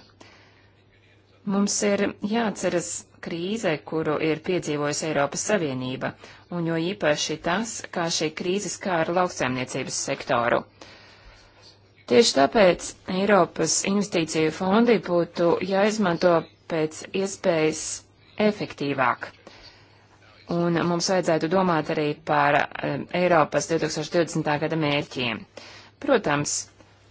Mums ir jāatceras krīze, kuru ir piedzīvojusi Eiropas Savienība, un jo īpaši tas, kā šī krīze skāra lauksaimniecības sektoru. Tieši tāpēc Eiropas investīciju fondi būtu jāizmanto pēc iespējas efektīvāk. Un mums vajadzētu domāt arī par Eiropas 2020. gada mērķiem. Protams,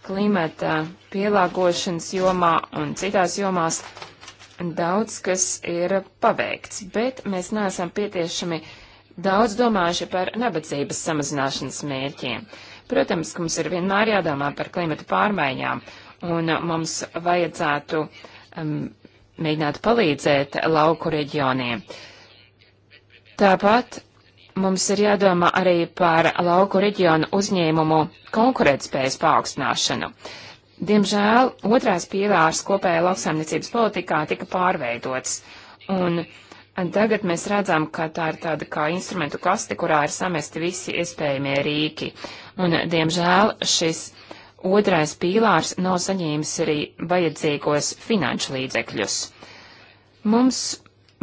klimata pielāgošanas jomā un citās jomās daudz kas ir paveikts, bet mēs neesam pietiešami daudz domājuši par nabadzības samazināšanas mērķiem. Protams, ka mums ir vienmēr jādomā par klimatu pārmaiņām, un mums vajadzētu um, mēģināt palīdzēt lauku reģioniem. Tāpat mums ir jādomā arī par lauku reģionu uzņēmumu konkurētspējas paaugstināšanu. Uh, Diemžēl otrās pīlārs kopējā lauksaimniecības politikā tika pārveidots, un tagad mēs redzam, ka tā ir tāda kā instrumentu kaste, kurā ir samesti visi iespējamie rīki, un diemžēl šis otrais pīlārs nav saņēmis arī vajadzīgos finanšu līdzekļus. Mums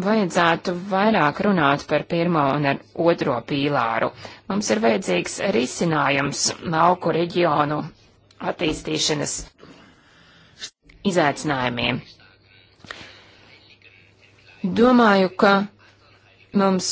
vajadzētu vairāk runāt par pirmo un ar otro pīlāru. Mums ir vajadzīgs risinājums lauku reģionu attīstīšanas izaicinājumiem. Domāju, ka mums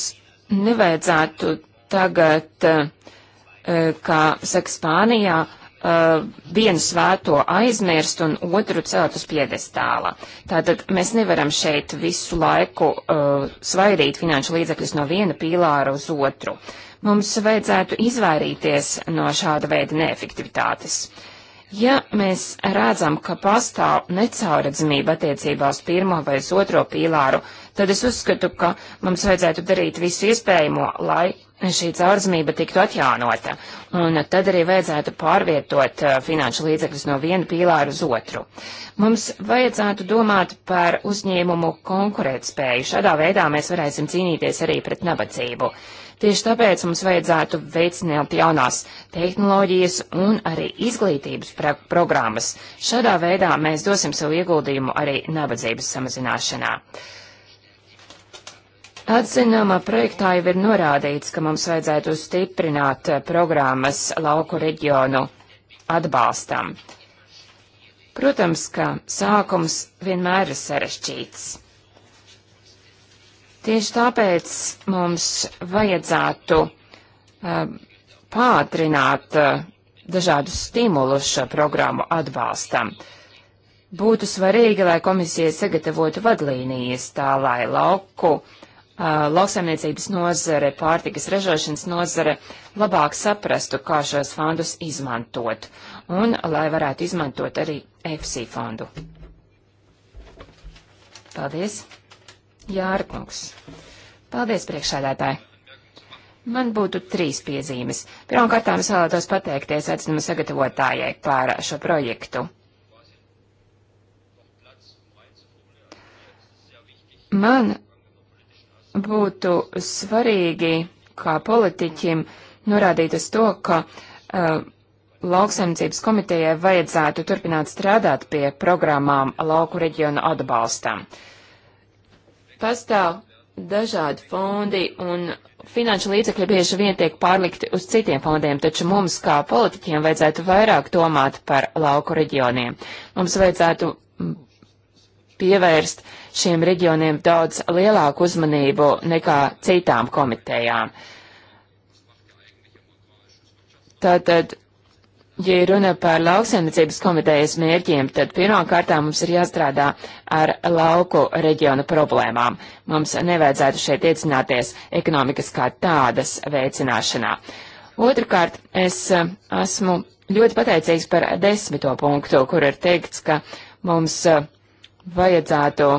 nevajadzētu tagad, eh, kā saka Spānijā, eh, vienu svēto aizmirst un otru celt uz piedestāla. Tātad mēs nevaram šeit visu laiku uh, svairīt finanšu līdzekļus no viena pīlāra uz otru. Mums vajadzētu izvairīties no šāda veida neefektivitātes. Uh, Ja mēs redzam, ka pastāv necauredzamība attiecībā uz pirmo vai uz otro pīlāru, tad es uzskatu, ka mums vajadzētu darīt visu iespējamo, lai šī caurzmība tiktu atjaunota, un tad arī vajadzētu pārvietot uh, finanšu līdzekļus no viena pīlāra uz otru. Mums vajadzētu domāt par uzņēmumu konkurētspēju. Šādā veidā mēs varēsim cīnīties arī pret nabadzību. Uh, Tieši tāpēc mums vajadzētu veicināt jaunās tehnoloģijas un arī izglītības programmas. Šādā veidā mēs dosim savu ieguldījumu arī nabadzības samazināšanā. Atzinumā projektā jau ir norādīts, ka mums vajadzētu stiprināt eh, programmas lauku reģionu atbalstam. Protams, ka sākums vienmēr ir sarešķīts. Tieši tāpēc mums vajadzētu uh, pātrināt uh, eh, dažādus stimulus šo programmu atbalstam. Būtu svarīgi, lai komisija sagatavotu vadlīnijas tā, lai lauku, uh, lauksaimniecības nozare, pārtikas ražošanas nozare labāk saprastu, kā šos fondus izmantot, un lai varētu izmantot arī EFSI fondu. Paldies! Jārkungs. Paldies, priekšsēdētāji. Man būtu trīs piezīmes. Pirmkārt, es vēlētos pateikties atzinuma sagatavotājai par šo projektu. Man būtu svarīgi, kā politiķim, norādīt uz to, ka uh, lauksaimniecības komitejai vajadzētu turpināt strādāt pie programmām lauku reģionu atbalstam. Uh, Pastāv dažādi fondi un finanšu līdzekļi bieži vien tiek pārlikti uz citiem fondiem, taču mums kā politiķiem vajadzētu vairāk domāt par lauku reģioniem. Mums vajadzētu pievērst šiem reģioniem daudz lielāku uzmanību nekā citām komitejām. Tātad Ja runa par lauksaimniecības komitejas mērķiem, tad pirmkārtām mums ir jāstrādā ar lauku reģiona problēmām. Mums nevajadzētu šeit iecināties ekonomikas kā tādas veicināšanā. Otrakārt, es eh, esmu ļoti pateicīgs par desmito punktu, kur ir teikts, ka mums eh, vajadzētu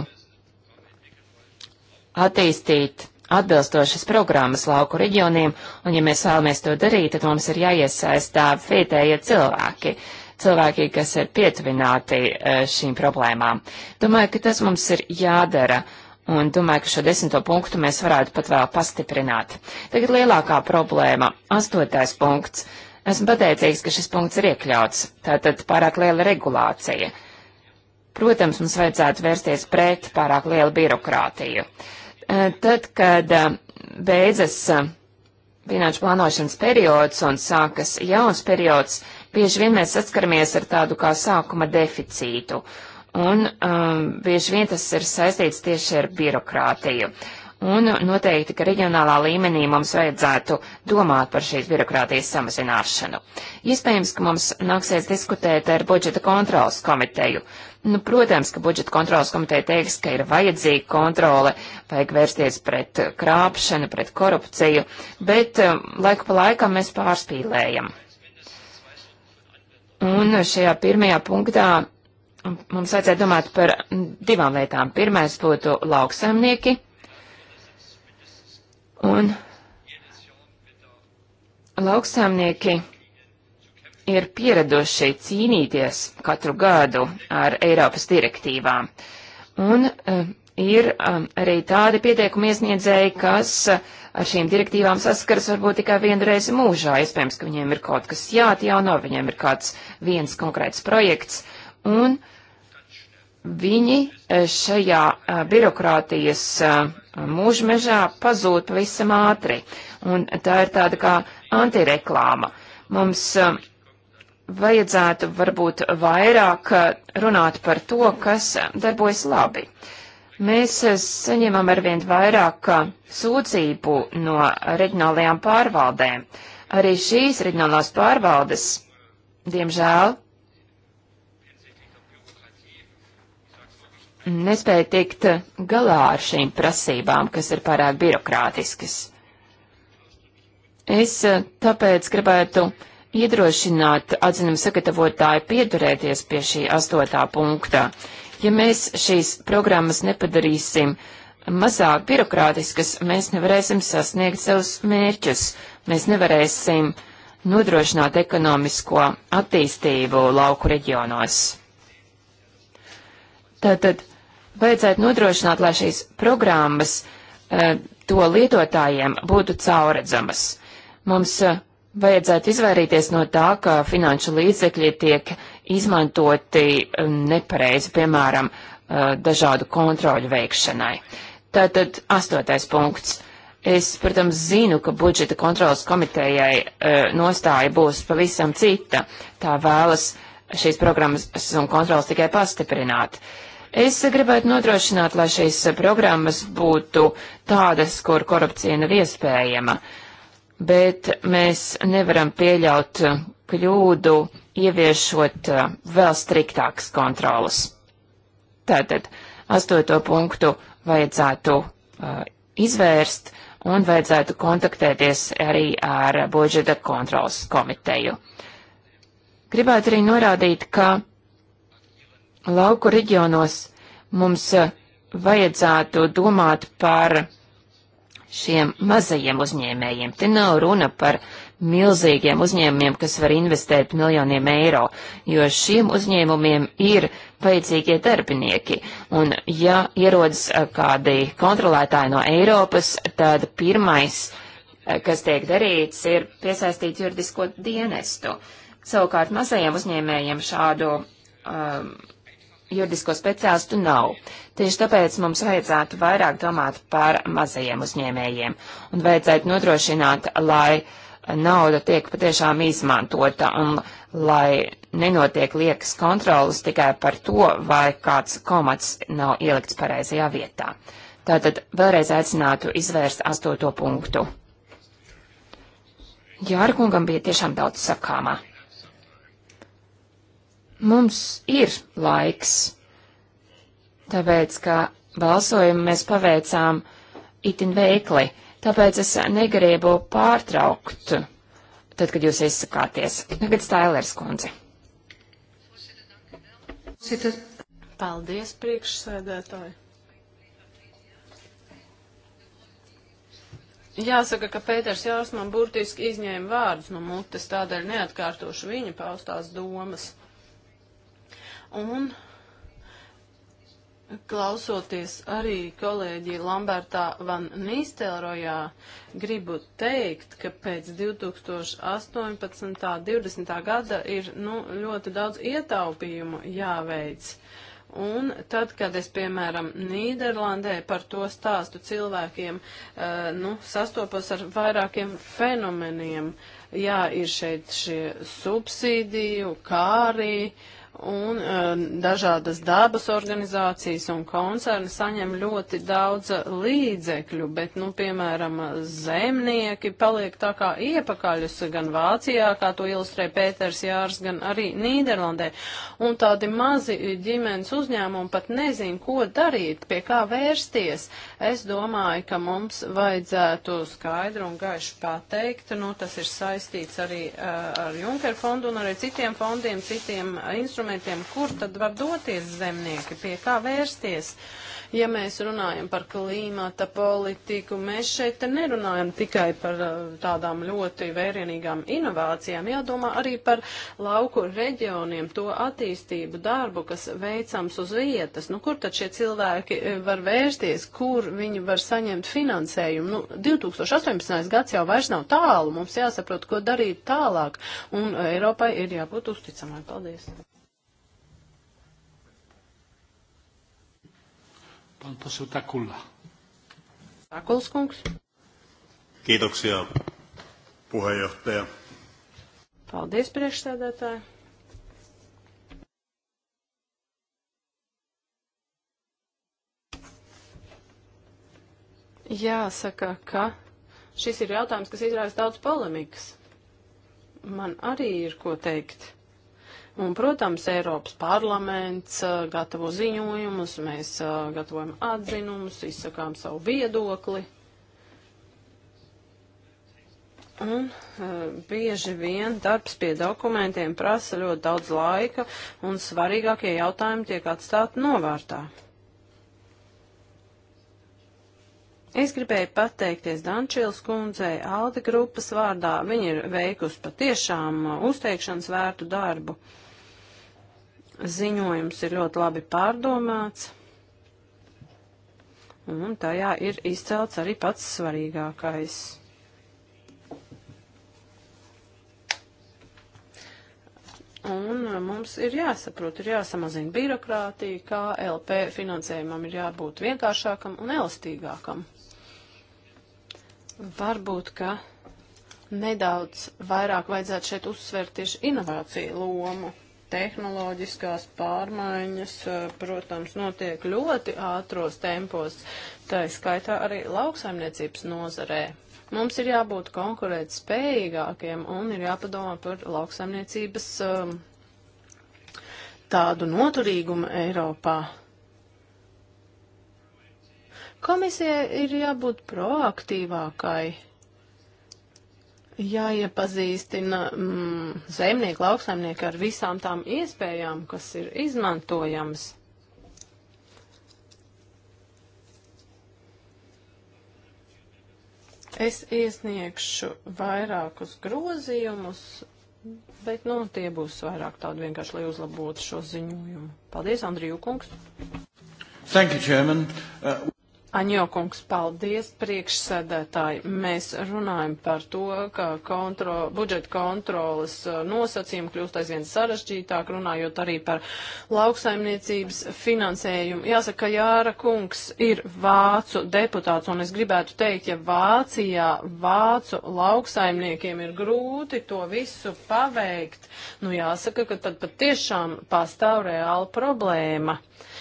attīstīt atbilstošas programmas lauku reģioniem, un ja mēs vēlamies to darīt, tad mums ir jāiesaistā vietējie cilvēki, cilvēki, kas ir pietuvināti eh, šīm problēmām. Domāju, ka tas mums ir jādara. Un domāju, ka šo desmito punktu mēs varētu pat vēl pastiprināt. Tagad lielākā problēma - astotais punkts. Esmu pateicīgs, ka šis punkts ir iekļauts. Tātad pārāk liela regulācija. Protams, mums vajadzētu vērsties pret pārāk lielu birokrātiju. Uh, Eh, tad, kad eh, beidzas eh, finanšu plānošanas periods un sākas jauns periods, bieži vien mēs saskaramies ar tādu kā sākuma deficītu. Un um, bieži vien tas ir saistīts tieši ar birokrātiju. Uh, un noteikti, ka reģionālā līmenī mums vajadzētu domāt par šīs birokrātijas samazināšanu. Iespējams, ka mums nāksies diskutēt ar budžeta kontrolas komiteju. Nu, protams, ka budžeta kontrolas komiteja teiks, ka ir vajadzīga kontrole, vajag vērsties pret krāpšanu, pret korupciju, bet um, laiku pa laikam mēs pārspīlējam. Un šajā pirmajā punktā um, mums vajadzētu domāt par divām lietām. Pirmais būtu lauksaimnieki, Un lauksaimnieki ir pieraduši cīnīties katru gadu ar Eiropas direktīvām. Un uh, ir um, arī tādi pieteikumi iesniedzēji, kas eh, ar šīm direktīvām saskaras varbūt tikai vienu reizi mūžā. Iespējams, ka viņiem ir kaut kas jāatjauno, viņiem ir kāds viens konkrēts projekts, un viņi šajā uh, birokrātijas uh, mūža mežā pazūd pavisam ātri, un tā ir tāda kā antireklāma. Mums um, vajadzētu varbūt vairāk uh, runāt par to, kas darbojas labi. Mēs uh, saņemam arvien vairāk uh, sūdzību no reģionālajām pārvaldēm. Arī šīs reģionālās pārvaldes, diemžēl, nespēja tikt galā ar šīm prasībām, kas ir pārāk birokrātiskas. Es eh, tāpēc gribētu iedrošināt atzinumu sagatavotāju pieturēties pie šī astotā punktā. Ja mēs šīs programmas nepadarīsim mazāk birokrātiskas, mēs nevarēsim sasniegt savus mērķus, mēs nevarēsim nodrošināt ekonomisko attīstību lauku reģionos. Tātad vajadzētu nodrošināt, lai šīs programmas eh, to lietotājiem būtu cauredzamas. Mums eh, vajadzētu izvairīties no tā, ka finanšu līdzekļi tiek izmantoti eh, nepareizi, piemēram, dažādu kontroļu veikšanai. Tātad astotais punkts. Es, protams, zinu, ka budžeta kontrolas komitejai e, nostāja būs pavisam cita. Tā vēlas šīs programmas un kontrolas tikai pastiprināt. E, Es gribētu nodrošināt, lai šīs programmas būtu tādas, kur korupcija nav iespējama, bet mēs nevaram pieļaut kļūdu, ieviešot eh, vēl striktākas kontrolas. Tātad astoto punktu vajadzētu uh, izvērst un vajadzētu kontaktēties arī ar budžeta kontrolas komiteju. Gribētu arī norādīt, ka lauku reģionos mums eh, vajadzētu domāt par šiem mazajiem uzņēmējiem. Te nav runa par milzīgiem uzņēmumiem, kas var investēt miljoniem eiro, jo šiem uzņēmumiem ir vajadzīgie darbinieki. Un ja ierodas eh, kādi kontrolētāji no Eiropas, tad pirmais, eh, kas tiek darīts, ir piesaistīt juridisko dienestu. Savukārt mazajiem uzņēmējiem šādu um, juridisko speciālistu nav. Tieši tāpēc mums vajadzētu vairāk domāt par mazajiem uzņēmējiem un vajadzētu nodrošināt, lai nauda tiek patiešām izmantota un lai nenotiek liekas kontrolas tikai par to, vai kāds komats nav ielikts pareizajā vietā. Tātad vēlreiz aicinātu izvērst astoto punktu. Jārkungam bija tiešām daudz sakāmā. Mums ir laiks, tāpēc, ka balsojumu mēs paveicām itin veikli, tāpēc es negribu pārtraukt, tad, kad jūs izsakāties. Tagad Stailers kundze. Paldies, priekšsēdētāji. Jāsaka, ka Pēters Jārs man burtiski izņēma vārdus no mutes, tādēļ neatkārtošu viņa paustās domas un klausoties arī kolēģi Lambertā Van Nīstelrojā, gribu teikt, ka pēc 2018. 20. gada ir nu, ļoti daudz ietaupījumu jāveic. Un tad, kad es, piemēram, Nīderlandē par to stāstu cilvēkiem, uh, nu, sastopos ar vairākiem fenomeniem. Jā, ir šeit šie subsīdiju, kā arī uh, un e, dažādas dabas organizācijas un koncerni saņem ļoti daudz līdzekļu, bet, nu, piemēram, zemnieki paliek tā kā iepakaļus gan Vācijā, kā to ilustrē Pēters Jārs, gan arī Nīderlandē. Un tādi mazi ģimenes uzņēmumi pat nezin, ko darīt, pie kā vērsties. Es domāju, ka mums vajadzētu skaidru un gaišu pateikt, nu, tas ir saistīts arī e, ar Junker fondu un arī citiem fondiem, citiem instrumentiem dokumentiem, kur tad var doties zemnieki, pie kā vērsties. Ja mēs runājam par klīmata politiku, mēs šeit nerunājam tikai par uh, tādām ļoti vērienīgām inovācijām, jādomā arī par lauku reģioniem, to attīstību, darbu, kas veicams uz vietas. Nu, kur tad šie cilvēki uh, var vērsties, kur viņi var saņemt finansējumu? Nu, 2018. gads jau vairs nav tālu, mums jāsaprot, ko darīt tālāk, un uh, Eiropai ir jābūt uzticamai. Paldies! Pan poseł Takulla. Takuls kungs. Kiitoksia, puheenjohtaja. Paldies, priekšsēdētāji. Jāsaka, ka šis ir jautājums, kas izraisa daudz polemikas. Man arī ir ko teikt. Un, protams, Eiropas parlaments uh, gatavo ziņojumus, mēs uh, gatavojam atzinumus, izsakām savu viedokli. Un e, bieži vien darbs pie dokumentiem prasa ļoti daudz laika, un svarīgākie jautājumi tiek atstāti novārtā. Es gribēju pateikties Dančils kundzei Alde grupas vārdā. Viņa ir veikusi patiešām uzteikšanas vērtu darbu. Ziņojums ir ļoti labi pārdomāts, un tajā ir izcelts arī pats svarīgākais. Un mums ir jāsaprot, ir jāsamazina birokrātija, kā LP finansējumam ir jābūt vienkāršākam un elastīgākam. Varbūt, ka nedaudz vairāk vajadzētu šeit uzsvērt tieši inovāciju lomu tehnoloģiskās pārmaiņas, eh, protams, notiek ļoti ātros tempos, tā skaitā arī lauksaimniecības nozarē. Mums ir jābūt konkurēt spējīgākiem un ir jāpadomā par lauksaimniecības ehm, tādu noturīgumu Eiropā. Komisija ir jābūt proaktīvākai jāiepazīstina mm, zemnieki, lauksaimnieki ar visām tām iespējām, kas ir izmantojamas. Es iesniegšu vairākus grozījumus, bet, nu, tie būs vairāk tādi vienkārši, lai uzlabotu šo ziņojumu. Paldies, Andriju Kungs! Thank you, Chairman. Uh... Aņokungs, paldies priekšsēdētāji. Mēs runājam par to, ka kontro, budžeta kontrolas uh, nosacījumi kļūst aizvien sarežģītāk, runājot arī par lauksaimniecības finansējumu. Jāsaka, ka Jāra kungs ir vācu deputāts, un es gribētu teikt, ja Vācijā vācu lauksaimniekiem ir grūti to visu paveikt, nu jāsaka, ka tad pat tiešām pastāv reāla problēma. Thank you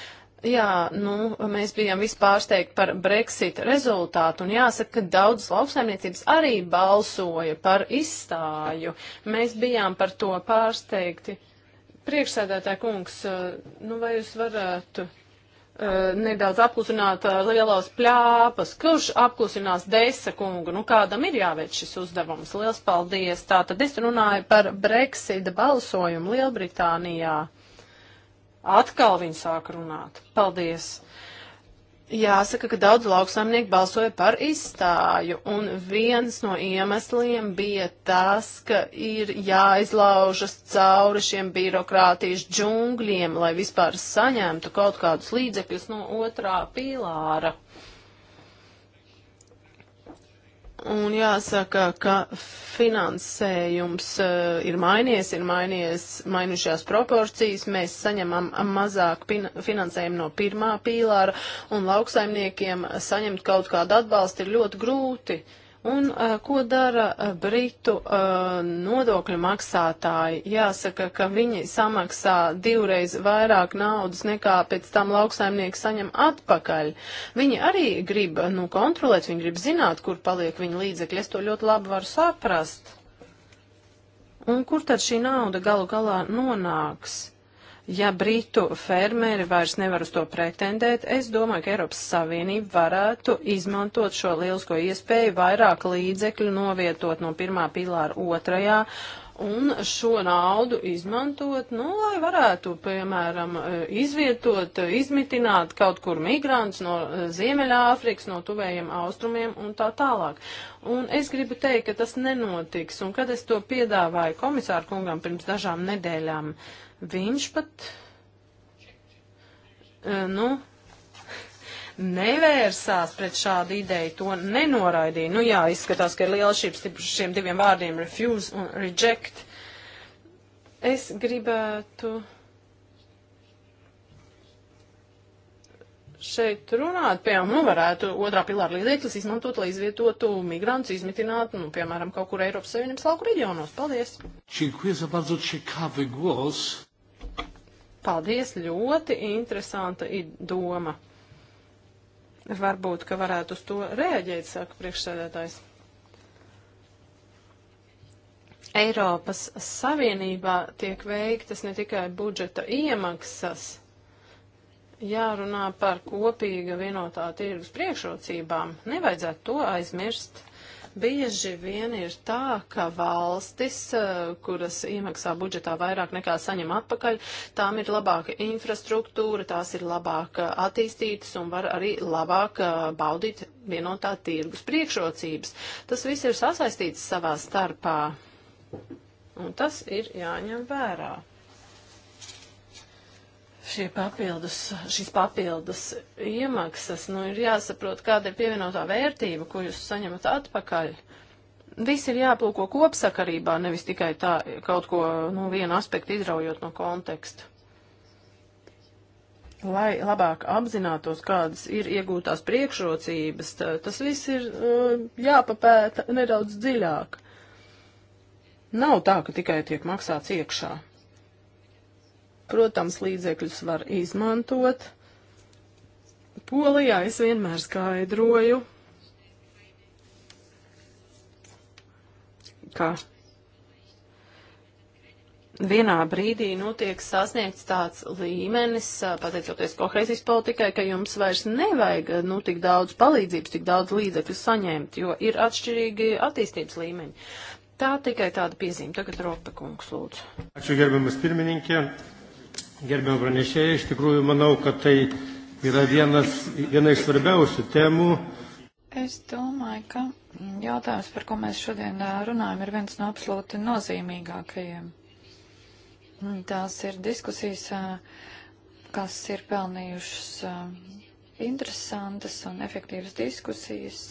Jā, nu, mēs bijām vispārsteigti par Brexit rezultātu, un jāsaka, ka daudzas lauksaimniecības arī balsoja par izstāju. Mēs bijām par to pārsteigti. Priekšsēdētāja kungs, eh, nu vai jūs varētu uh, nedaudz apklusināt uh, eh, lielos pļāpas? Kurš apklusinās Deisa kungu? Nu, kādam ir jāveic šis uzdevums? Liels paldies! Tātad es runāju par Brexit balsojumu Lielbritānijā. Atkal viņi sāk runāt. Paldies! Jāsaka, ka daudz lauksaimnieku balsoja par izstāju, un viens no iemesliem bija tas, ka ir jāizlaužas cauri šiem birokrātijas džungļiem, lai vispār saņemtu kaut kādus līdzekļus no otrā pīlāra. Uh, Un jāsaka, ka finansējums uh, ir mainījies, ir mainījies, mainījušās proporcijas. Mēs saņemam mazāk finansējumu no pirmā pīlāra, un lauksaimniekiem saņemt kaut kādu atbalstu ir ļoti grūti. Uh, Un uh, ko dara uh, Britu uh, nodokļu maksātāji? Jāsaka, ka viņi samaksā divreiz vairāk naudas nekā pēc tam lauksaimnieki saņem atpakaļ. Viņi arī grib nu, kontrolēt, viņi grib zināt, kur paliek viņa līdzekļi. Es to ļoti labi varu saprast. Un kur tad šī nauda galu galā nonāks? Ja britu fermeri vairs nevar uz to pretendēt, es domāju, ka Eiropas Savienība varētu izmantot šo lielisko iespēju vairāk līdzekļu novietot no pirmā pilāra otrajā un šo naudu izmantot, nu, lai varētu, piemēram, eh, izvietot, eh, izmitināt kaut kur migrants no eh, Ziemeļāfrikas, no tuvējiem austrumiem un tā tālāk. Un es gribu teikt, ka tas nenotiks, un kad es to piedāvāju komisāru kungam pirms dažām nedēļām, uh, Viņš pat, e, nu, nevērsās pret šādu ideju, to nenoraidīja. Nu jā, izskatās, ka ir liela šības šiem diviem vārdiem refuse un reject. Es gribētu. šeit runāt, piemēram, nu, varētu otrā pilāra līdzekļus izmantot, lai izvietotu migrantus, izmitinātu, nu, piemēram, kaut kur Eiropas Savienības lauku reģionos. Paldies! Paldies, ļoti interesanta doma. Varbūt, ka varētu uz to reaģēt, saka priekšsēdētājs. Eiropas Savienībā tiek veiktas ne tikai budžeta iemaksas, jārunā par kopīga vienotā tirgus priekšrocībām. Nevajadzētu to aizmirst. Bieži vien ir tā, ka valstis, eh, kuras iemaksā budžetā vairāk nekā saņem atpakaļ, tām ir labāka infrastruktūra, tās ir labāk eh, attīstītas un var arī labāk eh, baudīt vienotā tirgus priekšrocības. Tas viss ir sasaistīts savā starpā. Un tas ir jāņem vērā šie papildus, šīs papildus iemaksas, nu, ir jāsaprot, kāda ir pievienotā vērtība, ko jūs saņemat atpakaļ. Viss ir jāplūko kopsakarībā, nevis tikai tā kaut ko, nu, vienu aspektu izraujot no konteksta. Lai labāk apzinātos, kādas ir iegūtās priekšrocības, tā, tas viss ir uh, jāpapēta nedaudz dziļāk. Nav tā, ka tikai tiek maksāts iekšā. Protams, līdzekļus var izmantot. Polijā es vienmēr skaidroju, ka vienā brīdī notiek sasniegts tāds līmenis, pateicoties kohēzijas politikai, ka jums vairs nevajag nu, tik daudz palīdzības, tik daudz līdzekļu saņemt, jo ir atšķirīgi attīstības līmeņi. Tā tikai tāda piezīme. Tagad Rope kungs lūdzu. Ačiū gerbiamas pirmininkė gerbiam pranešėjai, iš tikrųjų manau, kad tai yra vienas, viena iš svarbiausių temų. Es domāju, ka jautājums, par ko mēs šodien runājam, ir viens no absolūti nozīmīgākajiem. Tās ir diskusijas, kas ir pelnījušas interesantas un efektīvas diskusijas.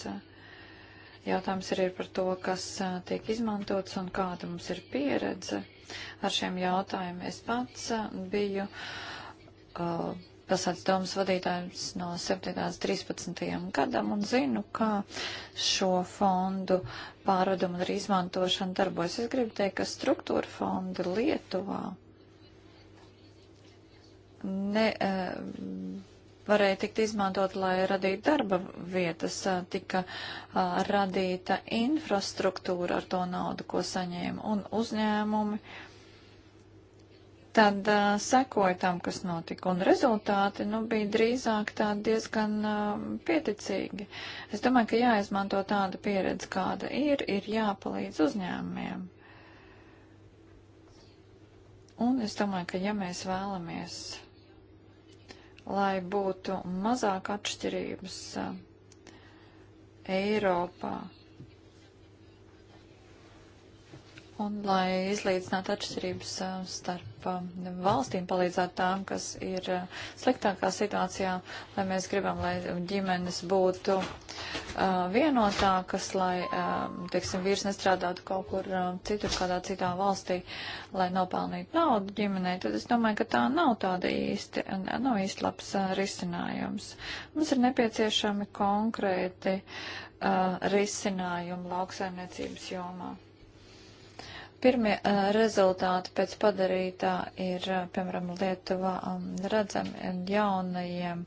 Jautājums ir, ir par to, kas tiek izmantots un kāda mums ir pieredze ar šiem jautājumiem. Es pats biju uh, pilsētas domas vadītājs no 7. līdz 13. gadam un zinu, kā šo fondu pārvedumu un arī izmantošanu darbojas. Es gribu teikt, ka struktūra fondi Lietuvā ne. Uh, varēja tikt izmantot, lai radītu darba vietas, tika radīta infrastruktūra ar to naudu, ko saņēma, un uzņēmumi. Tad uh, sekoja tam, kas notika, un rezultāti nu, bija drīzāk tādi diezgan uh, pieticīgi. Es domāju, ka jāizmanto tāda pieredze, kāda ir, ir jāpalīdz uzņēmumiem. Un es domāju, ka ja mēs vēlamies lai būtu mazāk atšķirības eh, Eiropā Un lai izlīdzinātu atšķirības uh, starp um, valstīm, palīdzētu tām, kas ir uh, sliktākā situācijā, lai mēs gribam, lai ģimenes būtu uh, vienotākas, lai, um, teiksim, vīrs nestrādātu kaut kur um, citur, kādā citā valstī, lai nopelnītu naudu ģimenei, tad es domāju, ka tā nav tāda īsti, nav īsti labs risinājums. Mums ir nepieciešami konkrēti risinājumi lauksaimniecības jomā. Pirmie eh, rezultāti pēc padarītā ir, eh, piemēram, Lietuvā um, redzami jaunajiem,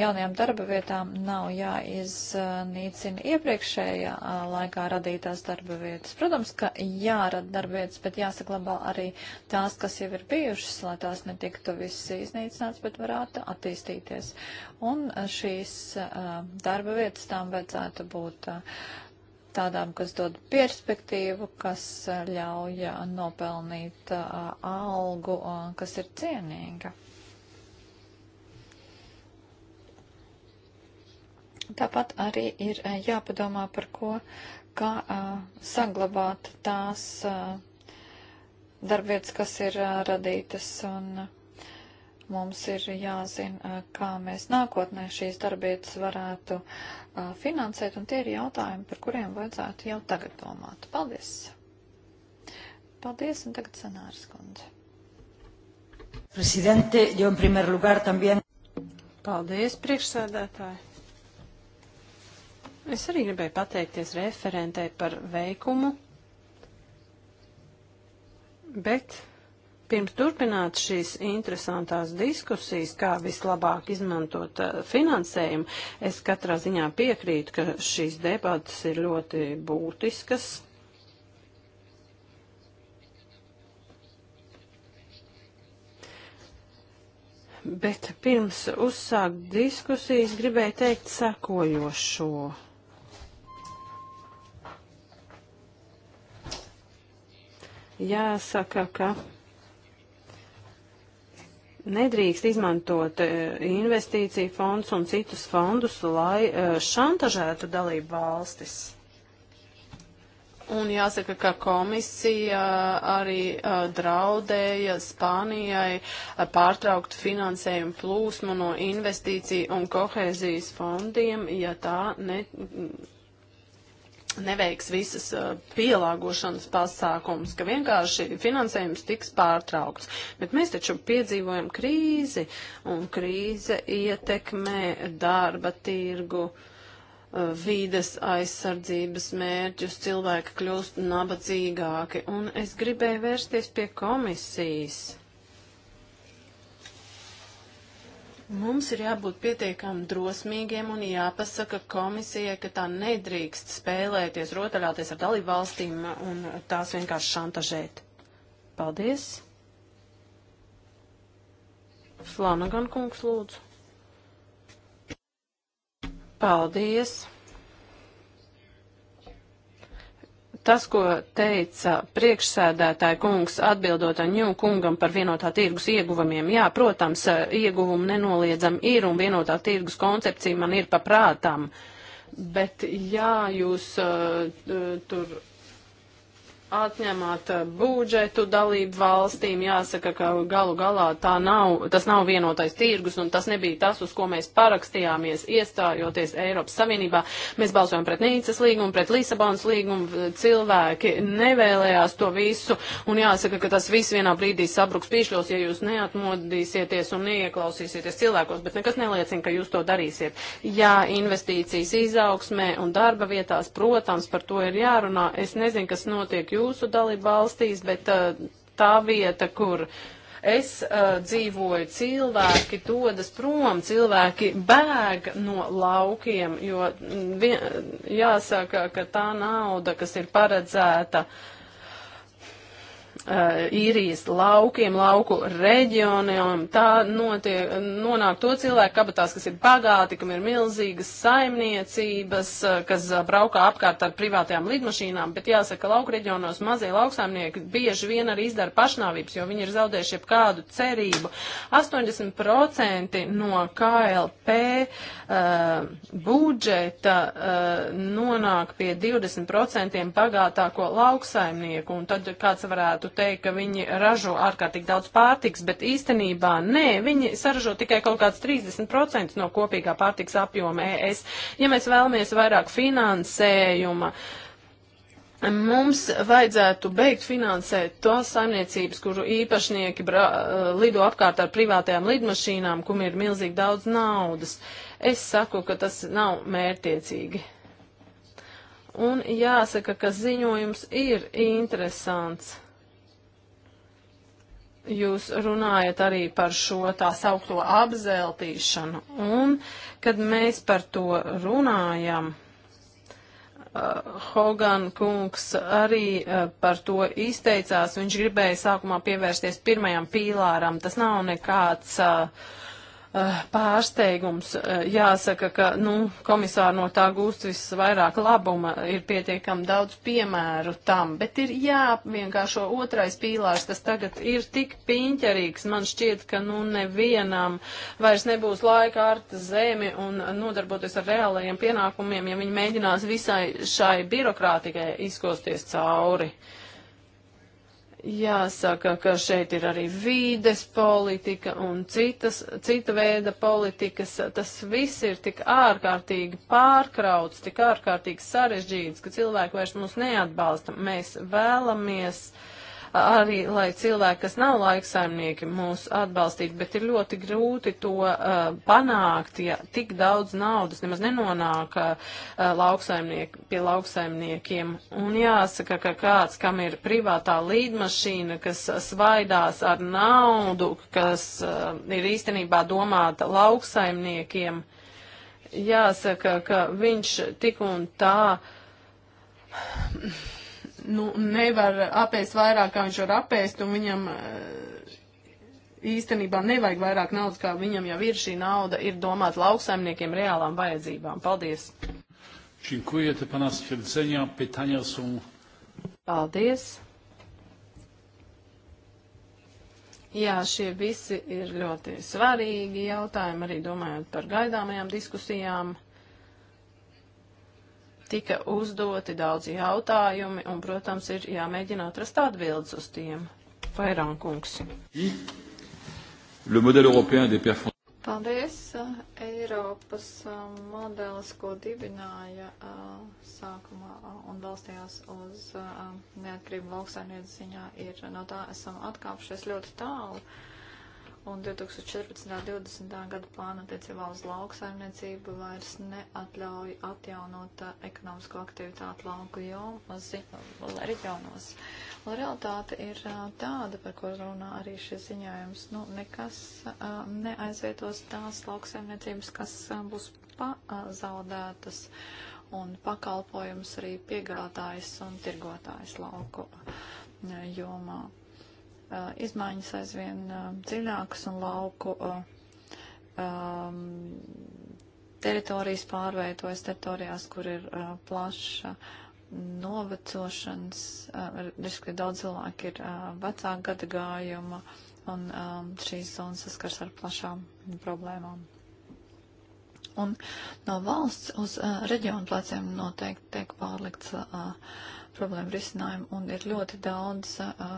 jaunajām darba vietām nav jāiznīcina iepriekšējā eh, laikā radītās darba vietas. Protams, ka jārada darba vietas, bet jāsaglabā arī tās, kas jau ir bijušas, lai tās netiktu viss iznīcināts, bet varētu attīstīties. Un šīs darba vietas tām vajadzētu būt tādām, kas dod perspektīvu, kas eh, ļauj eh, nopelnīt eh, algu, kas ir cienīga. Tāpat arī ir jāpadomā par ko, kā saglabāt tās darbvietas, kas ir radītas un. A, Mums ir jāzina, kā mēs nākotnē šīs darbietas varētu finansēt, un tie ir jautājumi, par kuriem vajadzētu jau tagad domāt. Paldies! Paldies, un tagad Sanārs kundze. Presidente, jo en primer lugar también. Paldies, priekšsēdētāji. Es arī gribēju pateikties referentei par veikumu, bet Pirms turpināt šīs interesantās diskusijas, kā vislabāk izmantot eh, finansējumu, es katrā ziņā piekrītu, ka šīs debatas ir ļoti būtiskas. Bet pirms uzsākt diskusijas gribēju teikt sekojošo. Jāsaka, ka nedrīkst izmantot e, investīciju fondus un citus fondus, lai e, šantažētu dalību valstis. Un jāsaka, ka komisija e, arī draudēja Spānijai pārtraukt finansējumu plūsmu no investīciju un kohēzijas fondiem, ja tā ne, neveiks visas uh, pielāgošanas pasākums, ka vienkārši finansējums tiks pārtraukts. Bet mēs taču piedzīvojam krīzi, un krīze ietekmē darba tirgu, uh, vīdes aizsardzības mērķus, cilvēki kļūst nabadzīgāki, un es gribēju vērsties pie komisijas. Mums ir jābūt pietiekami drosmīgiem un jāpasaka komisijai, ka tā nedrīkst spēlēties, rotaļāties ar dalību valstīm un tās vienkārši šantažēt. Paldies! Flanagan kungs lūdzu. Paldies! tas, ko teica priekšsēdētāja kungs atbildot Aņū kungam par vienotā tirgus ieguvumiem, jā, protams, ieguvumi nenoliedzam ir un vienotā tirgus koncepcija man ir paprātam, bet jā, jūs uh, tur atņemāt eh, budžetu dalību valstīm, jāsaka, ka galu galā tā nav, tas nav vienotais tirgus, un tas nebija tas, uz ko mēs parakstījāmies iestājoties Eiropas Savienībā. Mēs balsojam pret Nīcas līgumu, pret Lisabonas līgumu, cilvēki nevēlējās to visu, un jāsaka, ka tas viss vienā brīdī sabruks pīšļos, ja jūs neatmodīsieties un neieklausīsieties cilvēkos, bet nekas neliecina, ka jūs to darīsiet. Jā, investīcijas izaugsmē un darba vietās, protams, par to ir jārunā. Es nezinu, kas notiek jūs jūsu dalība valstīs, bet uh, tā vieta, kur es uh, dzīvoju, cilvēki dodas prom, cilvēki bēg no laukiem, jo mm, vien, jāsaka, ka tā nauda, kas ir paredzēta uh, Uh, īrijas laukiem, lauku reģioniem. Tā notiek, nonāk to cilvēku kabatās, kas ir bagāti, kam ir milzīgas saimniecības, uh, kas uh, braukā apkārt ar privātajām lidmašīnām, bet jāsaka, lauku reģionos mazie lauksaimnieki bieži vien arī izdara pašnāvības, jo viņi ir zaudējuši jebkādu cerību. 80% no KLP uh, budžeta uh, nonāk pie 20% bagātāko lauksaimnieku, un tad kāds varētu teikt, ka viņi ražo ārkārtīgi daudz pārtiks, bet īstenībā nē, viņi saražo tikai kaut kāds 30% no kopīgā pārtiks apjoma ES. Ja mēs vēlamies vairāk finansējuma, Mums vajadzētu beigt finansēt tos saimniecības, kuru īpašnieki bra, eh, lido apkārt ar privātajām lidmašīnām, kum ir milzīgi daudz naudas. Es saku, ka tas nav mērtiecīgi. Un jāsaka, ka ziņojums ir interesants jūs runājat arī par šo tā saukto apzeltīšanu, un kad mēs par to runājam, uh, Hogan kungs arī uh, par to izteicās, viņš gribēja sākumā pievērsties pirmajam pīlāram, tas nav nekāds uh, Eh, pārsteigums. Eh, jāsaka, ka nu, komisāri no tā gūst visvairāk labuma, ir pietiekami daudz piemēru tam, bet ir jāvienkāršo otrais pīlārs, kas tagad ir tik piņķerīgs. Man šķiet, ka nu nevienam vairs nebūs laika ārta zemi un nodarboties ar reālajiem pienākumiem, ja viņi mēģinās visai šai birokrātikai izkosties cauri. Uh, Jāsaka, ka šeit ir arī vīdes politika un citas, cita veida politikas. Tas viss ir tik ārkārtīgi pārkrauts, tik ārkārtīgi sarežģīts, ka cilvēki vairs mūs neatbalsta. Mēs vēlamies uh, arī, lai cilvēki, kas nav laiksaimnieki, mūs atbalstītu, bet ir ļoti grūti to uh, panākt, ja tik daudz naudas nemaz nenonāk uh, lauksaimniek, pie lauksaimniekiem. Un jāsaka, ka kāds, kam ir privātā līdmašīna, kas svaidās ar naudu, kas uh, ir īstenībā domāta lauksaimniekiem, jāsaka, ka viņš tik un tā nu, nevar apēst vairāk, kā viņš var apēst, un viņam eh, īstenībā nevajag vairāk naudas, kā viņam jau ir šī nauda, ir domāt lauksaimniekiem reālām vajadzībām. Paldies! Dziękuję. Te Pana stwierdzenia, pytania są. Paldies. Jā, šie visi ir ļoti svarīgi jautājumi, arī domājot par gaidāmajām diskusijām tika uzdoti daudzi jautājumi, un, protams, ir jāmēģina atrast atbildes uz tiem. Vairākungs. Paldies! Eh, Eiropas eh, modelis, ko dibināja eh, sākumā un balstījās uz neatkarību lauksainiedz ziņā, ir no tā esam atkāpšies ļoti tālu un 2014. 20. gada plāna attiecībā uz lauksaimniecību vairs neatļauj atjaunot uh, ekonomisko aktivitāti lauku uh, reģionos. Un realitāte ir uh, tāda, par ko runā arī šis ziņojums. Nu, nekas neaizvietos tās lauksaimniecības, kas būs pazaudētas un pakalpojums arī piegādājs un tirgotājs lauku jomā. Uh, izmaiņas aizvien uh, dziļākas un lauku uh, um, teritorijas pārveidojas teritorijās, kur ir plaša novecošanas, riski daudz cilvēki ir vecāka gada gājuma, un um, šīs zonas saskars ar plašām problēmām. Un no valsts uz reģionu pleciem noteikti tiek pārlikts uh, problēmu risinājumu, un ir ļoti daudz uh,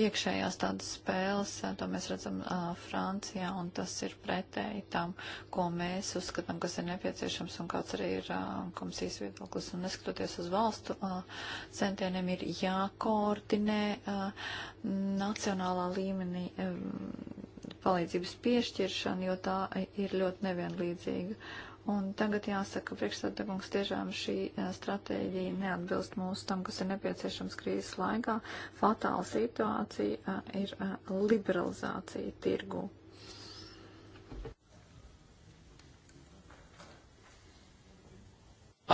iekšējās tādas spēles, uh, to mēs redzam uh, Francijā, un tas ir pretēji tam, ko mēs uzskatām, kas ir nepieciešams, un kāds arī ir uh, komisijas viedoklis. Un neskatoties uz valstu uh, centieniem, ir jākoordinē uh, nacionālā līmenī. Um, palīdzības piešķiršana, jo tā ir ļoti nevienlīdzīga. Uh, Un tagad jāsaka, priekšsēdētājs tiešām šī eh, stratēģija neatbilst mūsu tam, kas ir nepieciešams krīzes laikā. Fatāla situācija eh, ir eh, liberalizācija tirgu.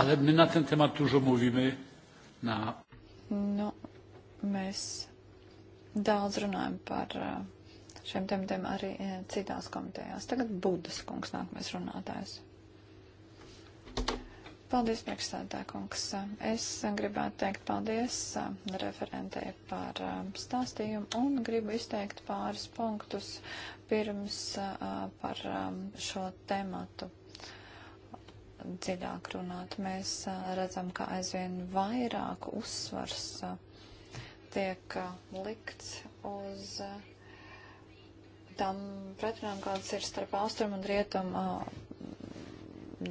Ale my na ten temat dużo mówimy na. No, nu, mēs daudz runājam par šiem tematiem arī citās komitejās. Tagad Budas kungs nākamais runātājs. Paldies, priekšstādā kungs. Es gribētu teikt paldies referentē par stāstījumu un gribu izteikt pāris punktus pirms par šo tematu dziļāk runāt. Mēs redzam, ka aizvien vairāk uzsvars tiek likts uz tām pretrunām, kādas ir starp austrumu un rietumu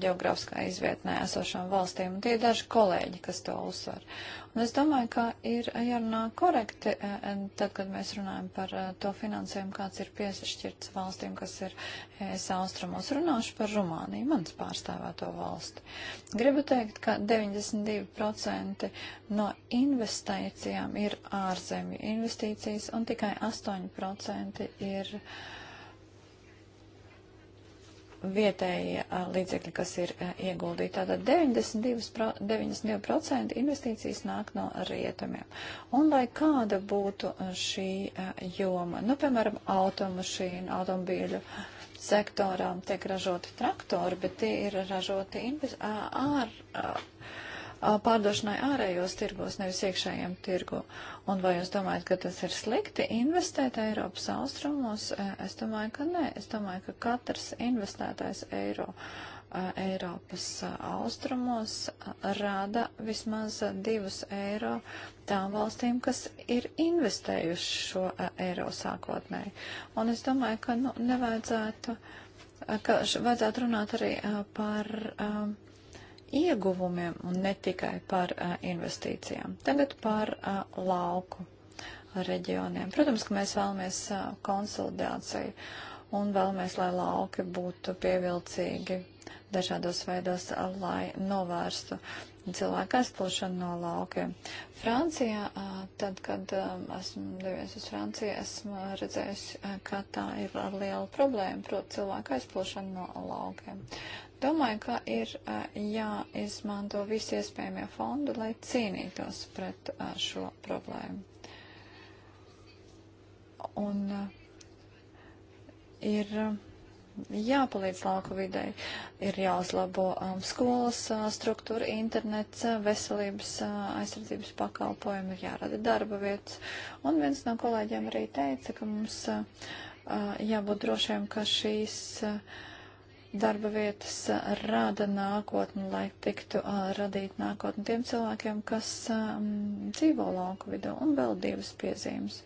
geogrāfiskā izvietnē esošām valstīm. Un tie ir daži kolēģi, kas to uzsver. Un es domāju, ka ir jārunā korekti, e, e, tad, kad mēs runājam par e, to finansējumu, kāds ir piesešķirts valstīm, kas ir es austrumos. Runāšu par Rumāniju, mans pārstāvēto valsti. Gribu teikt, ka 92% no investīcijām ir ārzemju investīcijas un tikai 8% ir. Uh, vietējie līdzekļi, kas ir ieguldīti. Tātad 92%, 92 investīcijas nāk no rietumiem. Un lai kāda būtu šī joma, nu, piemēram, automašīnu, automobīļu sektorām tiek ražoti traktori, bet tie ir ražoti ārā pārdošanai ārējos tirgos, nevis iekšējiem tirgu. Un vai jūs domājat, ka tas ir slikti investēt Eiropas austrumos? E, es domāju, ka nē. Es domāju, ka katrs investētājs eiro Eiropas austrumos rada vismaz divus eiro tām valstīm, kas ir investējuši šo eiro sākotnēji. Un es domāju, ka nu, nevajadzētu, ka vajadzētu runāt arī par. Um, ieguvumiem un ne tikai par uh, investīcijām. Tagad par uh, lauku reģioniem. Protams, ka mēs vēlamies uh, konsolidāciju un vēlamies, lai lauki būtu pievilcīgi dažādos veidos, uh, lai novērstu cilvēku aizplūšanu no laukiem. Francijā, tad, kad esmu devies uz Franciju, esmu redzējusi, ka tā ir liela problēma, proti cilvēku aizplūšanu no laukiem. Domāju, ka ir jāizmanto visi iespējamie fondi, lai cīnītos pret šo problēmu. Un ir jāpalīdz lauku videi, ir jāuzlabo um, skolas struktūra, internets, veselības aizsardzības pakalpojumi, ir jārada darba vietas. Un viens no kolēģiem arī teica, ka mums uh, jābūt drošiem, ka šīs. Uh, darba vietas rada nākotni, lai tiktu uh, radīt nākotni tiem cilvēkiem, kas um, dzīvo lauku vidū. Un vēl divas piezīmes.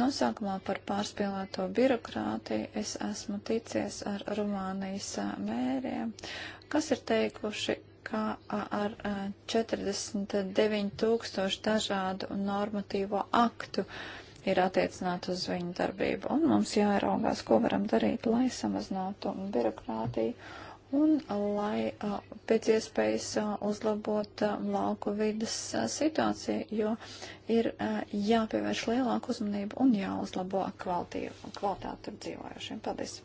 Nosākumā par pārspīlēto birokrātiju es esmu ticies ar Rumānijas mēriem, kas ir teikuši, ka ar 49 tūkstošu dažādu normatīvo aktu uh, ir attiecināta uz viņu darbību. Un mums jāraugās, ko varam darīt, lai samazinātu birokrātiju un lai a, pēc iespējas a, uzlabot a, lauku vidas situāciju, jo ir jāpievērš lielāku uzmanību un jāuzlabo kvalitāti, kvalitāti tur dzīvojošiem. Paldies.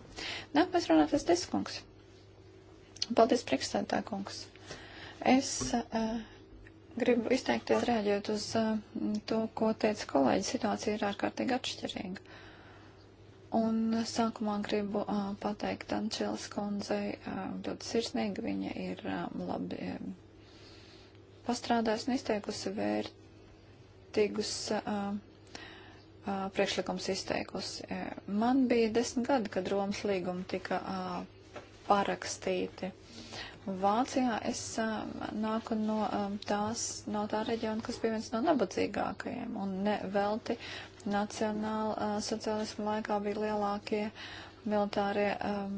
Nākamais runātais diskungs. Paldies, priekšstādā kungs. Es uh, Gribu izteikties rēģēt uz eh, to, ko teica kolēģi. Situācija ir ārkārtīgi atšķirīga. Un sākumā gribu eh, pateikt Ančēlas kundzei eh, ļoti sirsnīgi. Viņa ir labi pastrādājusi un izteikusi vērtīgus priekšlikums izteikusi. Man bija desmit gadi, kad Romas līguma tika parakstīti. Vācijā es uh, nāku no, um, tās, no tā reģiona, kas bija viens no nabadzīgākajiem, un ne velti nacionāla uh, sociālismu laikā bija lielākie militārie um,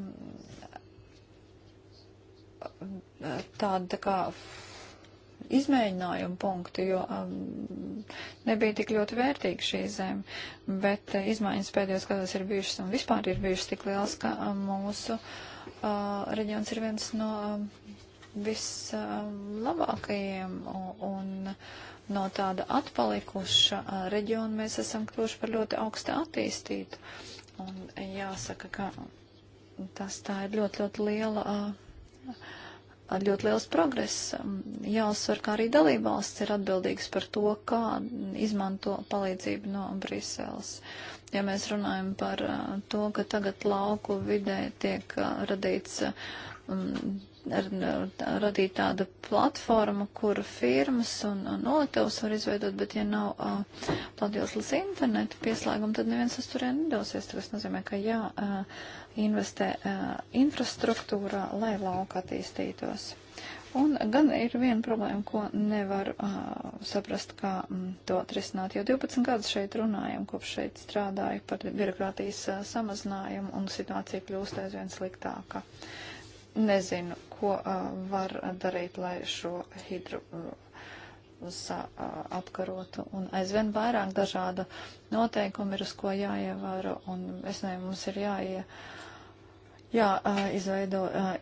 tādi tā kā izmēģinājumu punkti, jo um, nebija tik ļoti vērtīga šī zeme, bet uh, izmaiņas pēdējos gados ir bijušas un vispār ir bijušas tik liels, ka um, mūsu uh, uh, reģions ir viens no uh, vislabākajiem uh, un no tāda atpalikuša uh, reģiona mēs esam kļuvuši par ļoti augstu attīstītu. Un jāsaka, ka tas tā ir ļoti, ļoti liela. Uh, ļoti liels progress. Um, jāuzsver, ka arī dalībvalsts ir atbildīgs par to, kā izmanto palīdzību no Briseles. Uh, ja mēs runājam par uh, to, ka tagad lauku vidē tiek uh, radīts uh, radīt tādu platformu, kur firmas un, un notevs var izveidot, bet ja nav uh, platjoslas interneta pieslēguma, tad neviens uz turien nedosies. Tas nozīmē, ka jā, uh, investē uh, infrastruktūrā, lai lauka attīstītos. Un gan ir viena problēma, ko nevar uh, saprast, kā m, mm, to atrisināt. Jau 12 gadus šeit runājam, kopš šeit strādāju par birokrātijas uh, samazinājumu, un situācija kļūst aizvien sliktāka. Nezinu, ko uh, var darīt, lai šo hidru. Uh, sa, apkarotu. Un aizvien vairāk dažādu noteikumu ir, uz ko jāievēro, un es nezinu, mums ir jāie. Uh, jā, izveido